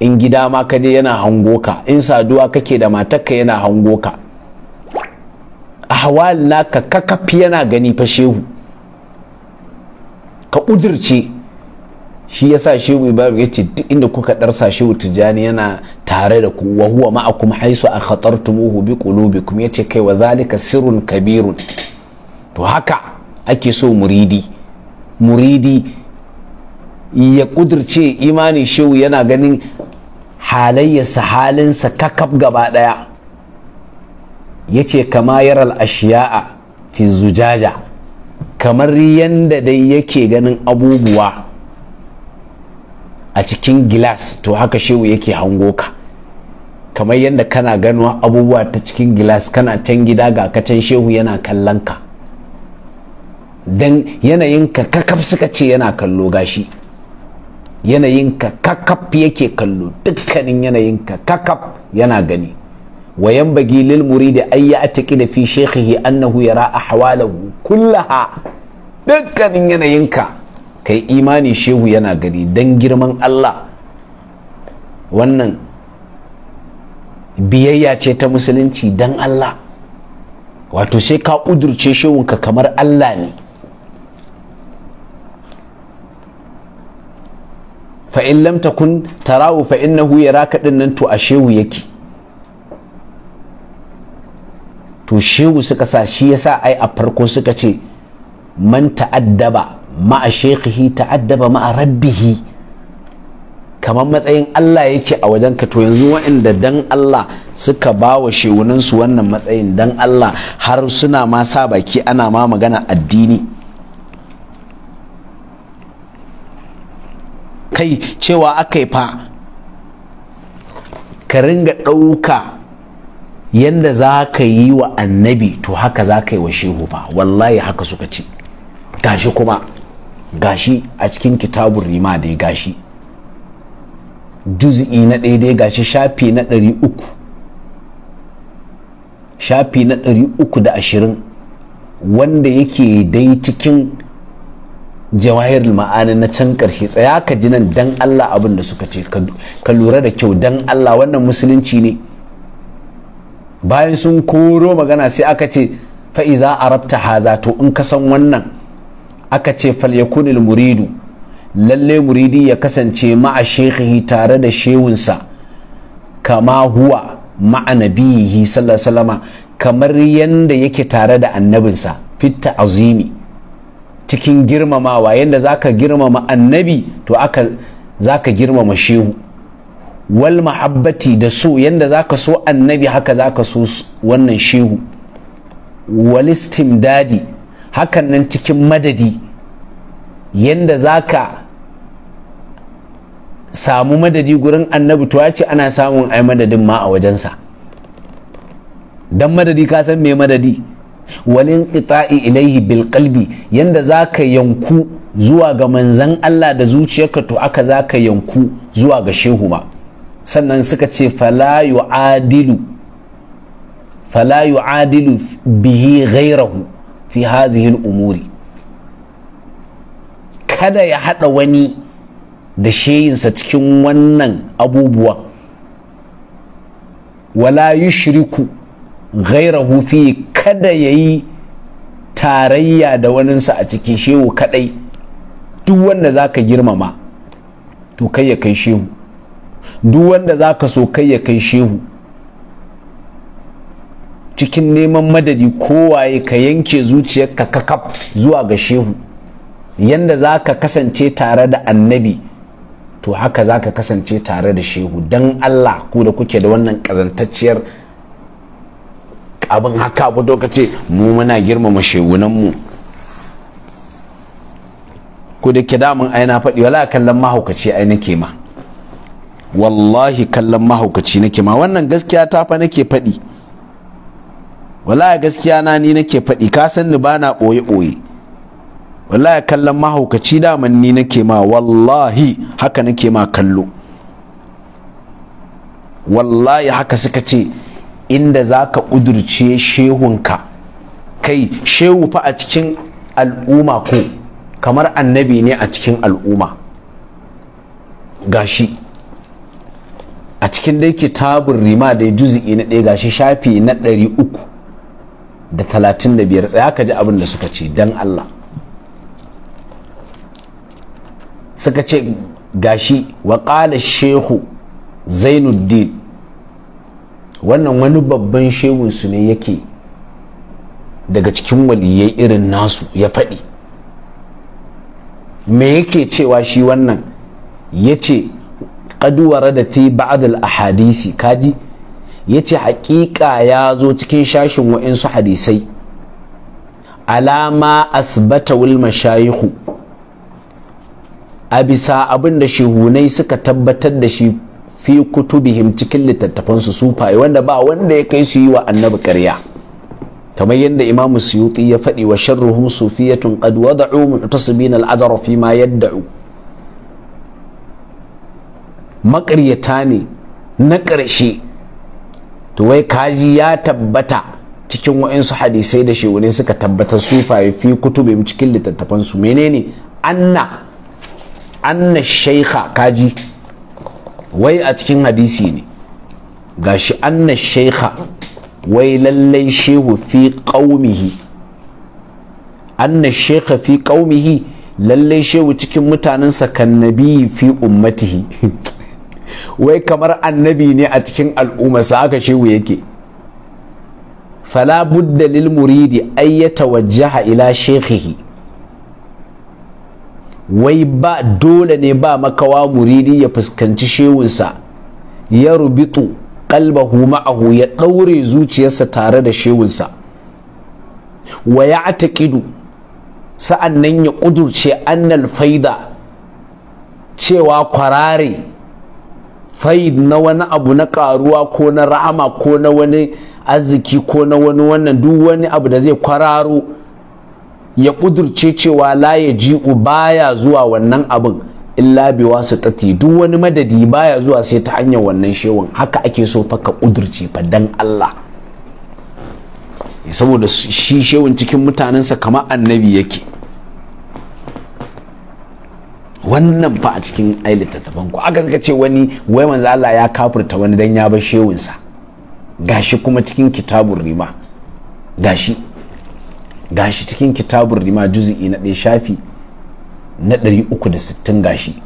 in gida ma ka je yana hango ka in saduwa kake da matarka yana hango ka ahwal naka kakaf yana gani fa shehu ka ƙudurce shi yasa shehu ibrahim ya duk inda kuka darsa shehu tijjani yana tare da ku wa huwa ma'akum haisu a khatartumuhu bi qulubikum yace kai wa zalika sirrun kabirun to haka ake so muridi muridi ya kudirce imani shehu yana ganin halayyarsa halinsa kakaf gaba daya yace kama yaral ashiya'a fi zujaja kamar yanda dai yake ganin abubuwa a cikin gilas to haka shehu yake hango ka kamar yadda kana ganuwa abubuwa ta cikin gilas kana can gida ga kacan shehu yana kallon ka don yanayin ka kakaf suka ce yana kallo gashi yanayin ka kakaf yake kallo dukkanin yanayin ka kakaf yana gani wayan bagi lil muridi ay ya'taqi da fi shaykhihi annahu yara ahwalahu kullaha dukkanin yanayin ka. kai imani shehu yana gari don girman Allah wannan biyayya ce ta musulunci don Allah wato sai ka ƙudurce shehunka kamar Allah ne fa'in lam takun tarawu fa'in na raka ɗin nan to a shehu yake to shehu suka sa shi yasa ai a farko suka ce man ta'addaba ma'a shekhihi ta'addaba ma'a rabbihi kamar matsayin Allah yake a wajen ka to yanzu waɗanda dan Allah suka ba wa shewunansu wannan matsayin dan Allah har suna ma sa baki ana ma magana addini kai cewa aka yi fa ka ringa ɗauka yadda za ka yi wa annabi to haka za ka yi wa shehu ba wallahi haka suka ce gashi kuma gashi a cikin kitabun rima dai gashi juz'i na daidai gashi shafi na ɗari uku shafi na ɗari uku da ashirin wanda yake dai cikin jawahir ma'ana na can karshe tsaya ka ji nan dan Allah abin da suka ce ka lura da kyau dan Allah wannan musulunci ne bayan sun koro magana sai aka ce fa'iza a arabta haza to in ka san wannan aka ce falyakunil muridu lalle muridi ya kasance ma'a shekhihi tare da shewunsa kama huwa ma'a nabiyihi sallallahu kamar yanda yake tare da annabinsa fitta azimi cikin girmamawa yanda zaka girmama annabi to aka zaka girmama shehu wal mahabbati da so yanda zaka so annabi haka zaka so wannan shehu wal istimdadi hakan nan cikin madadi yadda za ka samu madadi gurin annabi to ce ana samun ai madadin ma a wajensa don madadi ka san me madadi walin qita'i ilaihi bil yadda za ka yanku zuwa ga manzan Allah da zuciyarka to aka za ka yanku zuwa ga shehu ma sannan suka ce fala adilu fala bihi ghairahu fi hazihin umuri kada ya haɗa wani da sheyinsa cikin wannan abubuwa wala shiriku gaira hufi kada ya yi tarayya da waninsa a cikin shehu kadai duk wanda za ka girmama to kai ya kai shehu duk wanda za ka so kai ya kai shehu cikin neman madadi kowaye ka yanke zuciyarka kakaf zuwa ga shehu yanda za ka kasance tare da annabi to haka za ka kasance tare da shehu don allah ku da kuke da wannan ƙazantacciyar abin haka abu doka ce mu muna girmama shehunanmu ku da ke damun aina faɗi wala kallon mahaukaci ai nake ma wallahi kallon mahaukaci nake ma wannan gaskiya ta fa nake faɗi wallahi gaskiya na ni nake faɗi ka san ni bana ɓoye ɓoye wallahi kallon mahaukaci daman ni nake ma wallahi haka nake ma kallo wallahi haka suka ce inda za ka ƙudurce shehunka kai shehu fa a cikin al'umma ko kamar annabi ne a cikin al'umma gashi a cikin da yake tabur rima da juzi'i na ɗaya gashi shafi na ɗari uku da talatin da biyar tsaya ka ji abin da suka ce don Allah suka ce gashi wa ƙala shehu zainuddin wannan wani babban shehunsu ne yake daga cikin waliyyai irin nasu ya faɗi me yake cewa shi wannan ya ce ƙaduwar da fi ba'adul ahadisi kaji ya ce haƙiƙa ya zo cikin shashin waɗansu hadisai alama asbata wulma a bisa abin da shehunai suka tabbatar da shi fi kutubihim cikin littattafansu sufaye wanda ba wanda ya kai su yi wa annabi ƙarya kamar yadda imamu suyuti ya faɗi wa sharruhum sufiyatun qad wada'u mutasibin al'adara fi ma yadda'u maƙaryata ne na ƙarshe to wai kaji ya tabbata cikin wa'insu hadisai da shegunai suka tabbatar sufaye fi kutubim cikin littattafansu menene anna anna shaikha kaji wai a cikin hadisi ne gashi anna shaikha wai lallai shehu fi qaumihi anna shaikha fi qaumihi lallai shehu cikin mutanensa kan nabi fi ummatihi [LAUGHS] wai kamar annabi ne a cikin al'umma sa haka shehu yake fala budda lil muridi ay yatawajjaha ila shekhihi wai ba dole ne ba makawa muridi ya fuskanci shehunsa ya rubitu qalbahu ma'ahu ya daure zuciyarsa tare da shehunsa wa ya'taqidu ataƙidu ya kudurce annal faida cewa kwarare faid na wani abu na karuwa ko na rahama ko na wani arziki ko na wani wannan duk wani abu da zai kwararo ya kudurce cewa la ya ji baya zuwa wannan abin illa bi wasu tati duk wani madadi baya zuwa sai ta hanyar wannan shewan haka ake so fa ka kudurce fa dan Allah saboda shi shewan cikin mutanensa kamar annabi yake wannan fa a cikin ai littattafan ku aka suka ce wani wai manzo Allah ya kafurta wani dan ya bar sa. gashi kuma cikin kitabun rima gashi gashi cikin kitabur rima juz'i na ɗaya shafi na 360 gashi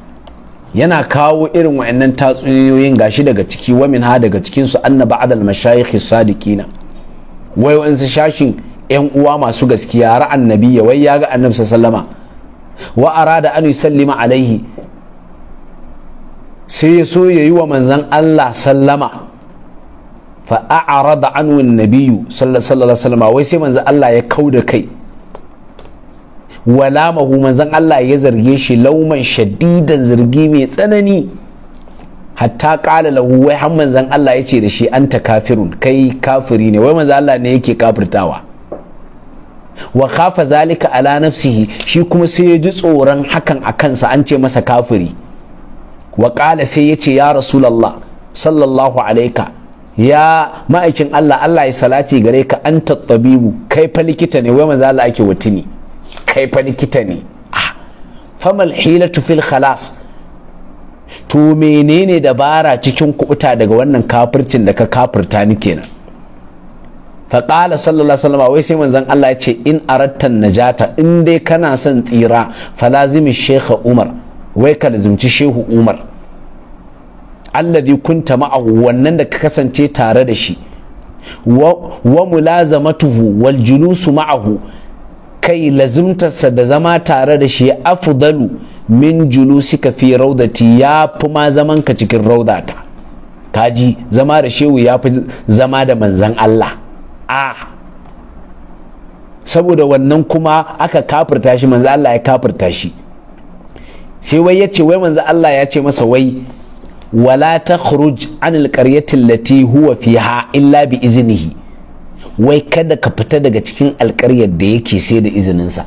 yana kawo irin wa'annan tatsuniyoyin gashi daga ciki wa ha daga cikin su annaba adal mashayikh sadiqina wai wa'ansu shashin yan uwa masu gaskiya ra'an nabiyya wai ya ga annabi wasallama wa arada an yusallima alaihi sai ya so ya yi wa manzan Allah sallama fa a'rada anhu an-nabiyyu sallallahu alaihi wasallam wai sai manzan Allah ya kau da kai walamahu manzan Allah ya zarge shi lauman shadidan zargi mai tsanani hatta kala lahu wai har manzan Allah ya ce da shi anta kafirun kai kafiri ne wai manzan Allah ne yake kafirtawa wa khafa zalika ala nafsihi shi kuma sai ya ji tsoron hakan a kansa an ce masa kafiri wa qala sai ya ce ya rasulullah sallallahu alaika ya ma'aikin Allah Allah ya salati gare ka anta tabibu kai fa likita ne wai manzo Allah ake watini kai fa likita ne ah, famal hilatu fil khalas to menene dabara cikin kubuta daga wannan kafircin da ka kafirta ni kenan faƙala sallallahu alaihi wasallam wai sai manzon Allah ya ce in arattan najata in dai kana son tsira falazimi shekha umar wai ka lazimci shehu umar alladhi kunta ma'ahu wannan da ka kasance tare da shi wa mulazamatuhu wal julusu ma'ahu kai lazimtarsa da zama tare da shi afdalu min julusika fi raudati ya fi ma zaman ka cikin raudata kaji zama da shehu ya zama da manzon Allah a saboda wannan kuma aka kafirta shi manzo Allah ya kafirta shi sai wai yace wai manzo Allah ya ce masa wai wala takhruj an qaryati allati huwa fiha illa bi iznihi wai kada ka fita daga cikin alƙaryar da yake sai da izininsa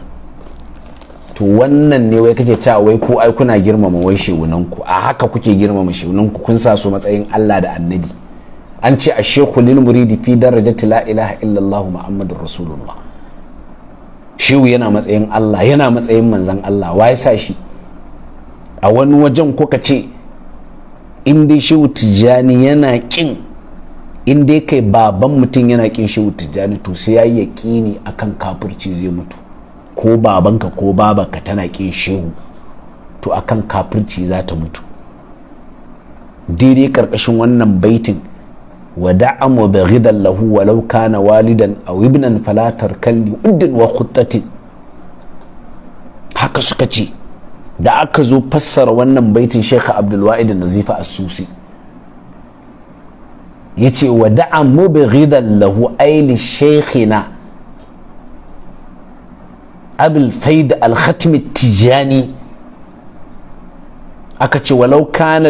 to wannan ne wai kake cewa wai ko ai kuna girmama wai shehunanku a haka kuke girmama shehunanku kun sa su matsayin Allah da annabi an ce a shehu lil muridi fi darajati la ilaha illallah muhammadur rasulullah shehu yana matsayin Allah yana matsayin manzan Allah wa ya sa shi a wani wajen kuka ce in dai shehu tijani yana kin in dai kai baban mutum yana kin shehu tijani to sai ya yi akan kafirci zai mutu ko babanka ko babanka tana kin shehu to akan kafirci za ta mutu daidai karkashin wannan baitin wa da'amu lahu walau kana walidan aw ibnan fala tarkalli uddin wa haka suka ce da aka zo fassara wannan baitin Sheikh Abdul Nazifa As-Susi yace wa da'amu baghidan lahu ayli shaykhina abul faid al-khatim tijani aka ce walau kana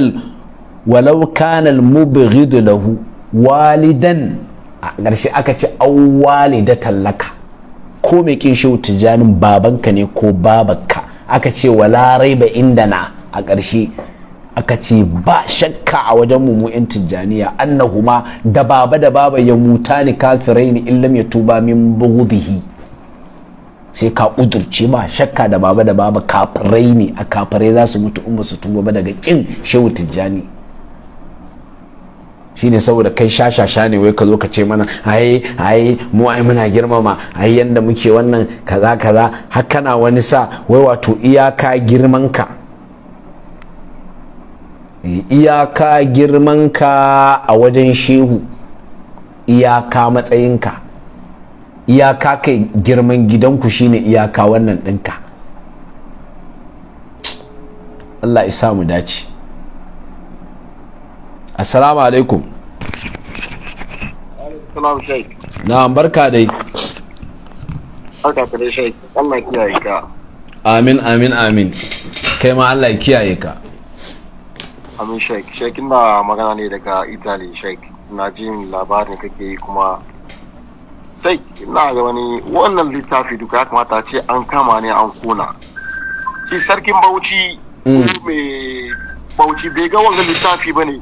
walau kana al-mubghid lahu walidan a ƙarshe aka ce au walida tallaka ko mai kin shehu tijjanin babanka ne ko babanka aka ce ba inda na a ƙarshe aka ce ba shakka a wajen mu yan tijjaniya annahuma da baba da baba ya muta ni kafirai ni illam ya tuba min bughdihi sai ka udurce ba shakka da baba da baba kafirai ne a kafirai za su mutu in ba su tuba ba daga kin shehu tijjani shine saboda kai shashasha ne wai ka zo ka ce mana ai ai mu ai muna girmama ai yanda muke wannan kaza kaza har kana wani sa wai wato iyaka girman ka eh, iyaka girman ka a wajen shehu iyaka matsayin ka iyaka kai girman gidanku shine iyaka wannan ɗinka Allah isa mu dace assalamu alaikum na'am barka dai amin amin amin kai ma Allah kiyaye ka amin sheik sheik ina magana ne daga italy sheik na jin labarin kake yi kuma sheik ina ga wani wannan littafi duka ya kamata ce an kama ne an kona shi sarkin bauchi mm. mai bauchi bai ga wannan littafi ba ne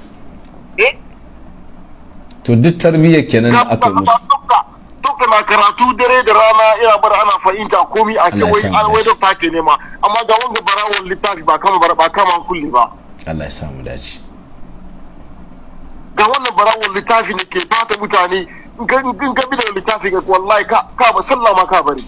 to duk tarbiyya kenan aka yi musu duk na karatu dare da rana ina bar ana fahimta komi a ce wai an wai dokta ke nema amma ga wanga barawon littafi ba kama ba kama kulli ba Allah ya samu dace ga wannan barawon littafi ne ke fata mutane in ga bidan ka da littafi ga wallahi ka ka ba sallama ka bari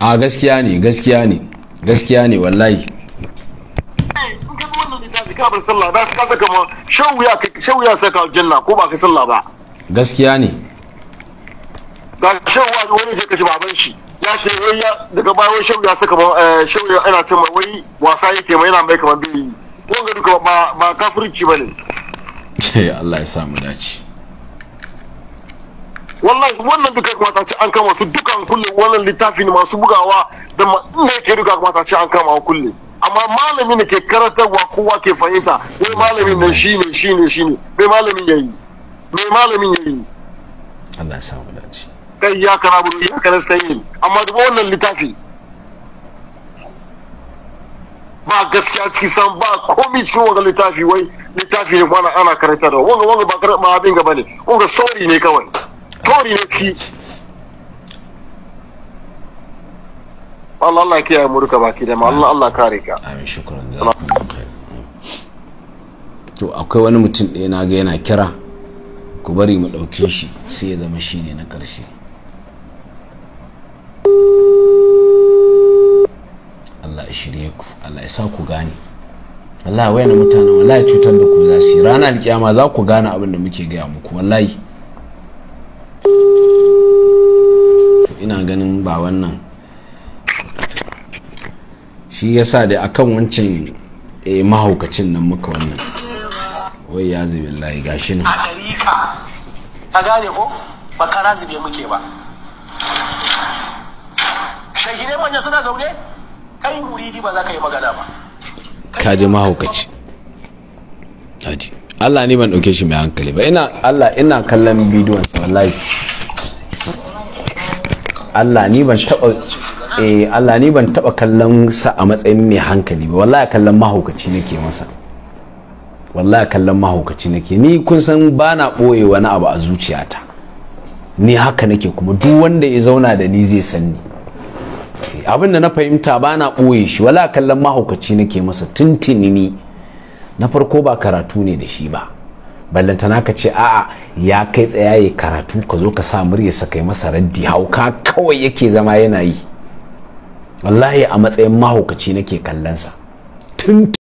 a gaskiya ne gaskiya ne gaskiya ne wallahi eh, in ka bi wannan littafi ka bar sallah da ka saka ma shawu ya saka aljanna ko ba ka sallah ba gaskiya ne ga shan wani je kashi baban shi ya ce wai ya daga bayan shau ya saka eh, shau ya ana cewa wai wasa yake mai yana mai kamar biri ko ga duka ba ba kafirci bane ce Allah ya samu dace wallahi wannan duka kuma ta ce an kama su dukan kulle wannan littafin masu bugawa da ne ke duka kuma ta ce an kama kulle amma malami ne ke karatarwa kowa ke fahimta wai malamin nan shine shine shine bai malamin yayi me malamin yayi Allah ya sa mu dace kai ya kana buru ya kana sai amma duba wannan littafi ba gaskiya ciki san ba komi cikin wanga littafi wai littafi ne kuma ana karanta da wanga wanga ba karanta abin gaba ne wanga story ne kawai story ne ciki Allah Allah kiyaye mu duka baki da ma Allah Allah kare ka amin shukran to akwai wani mutum ɗaya na ga yana kira ku bari mu ɗauke shi sai ya zama shi ne na ƙarshe Allah ya shirye ku Allah ya sa ku gane Allah wayana mutane wallahi cutar da ku za su yi da kiyama za ku gane abin da muke gaya muku wallahi ina ganin ba wannan shi yasa da akan wancan eh, mahaukacin nan muka wannan wai ya zubi lahi gashi ne a ɗariƙa ta gane ko ba kara zube muke ba shahidai manya suna zaune kai muridi ba za ka yi magana ba ka ji mahaukaci kaji Allah ni ban ɗauke shi mai hankali ba ina Allah ina kallon bidiyon sa wallahi Allah ni ban taɓa eh Allah ni ban taɓa kallon sa a matsayin mai hankali ba wallahi kallon mahaukaci nake masa wallahi kallon mahaukaci nake ni kun san ba na ɓoye wani abu a zuciyata ni haka nake kuma duk wanda ya zauna da ni zai san ni abin da na fahimta ba na ɓoye shi wala kallon mahaukaci nake masa tuntuni ni na farko ba karatu ne da shi ba ballanta ka ce a'a ya kai tsaya ya karatu ka zo ka sa murya sa kai masa raddi hauka kawai yake zama yana yi wallahi a matsayin mahaukaci nake kallon sa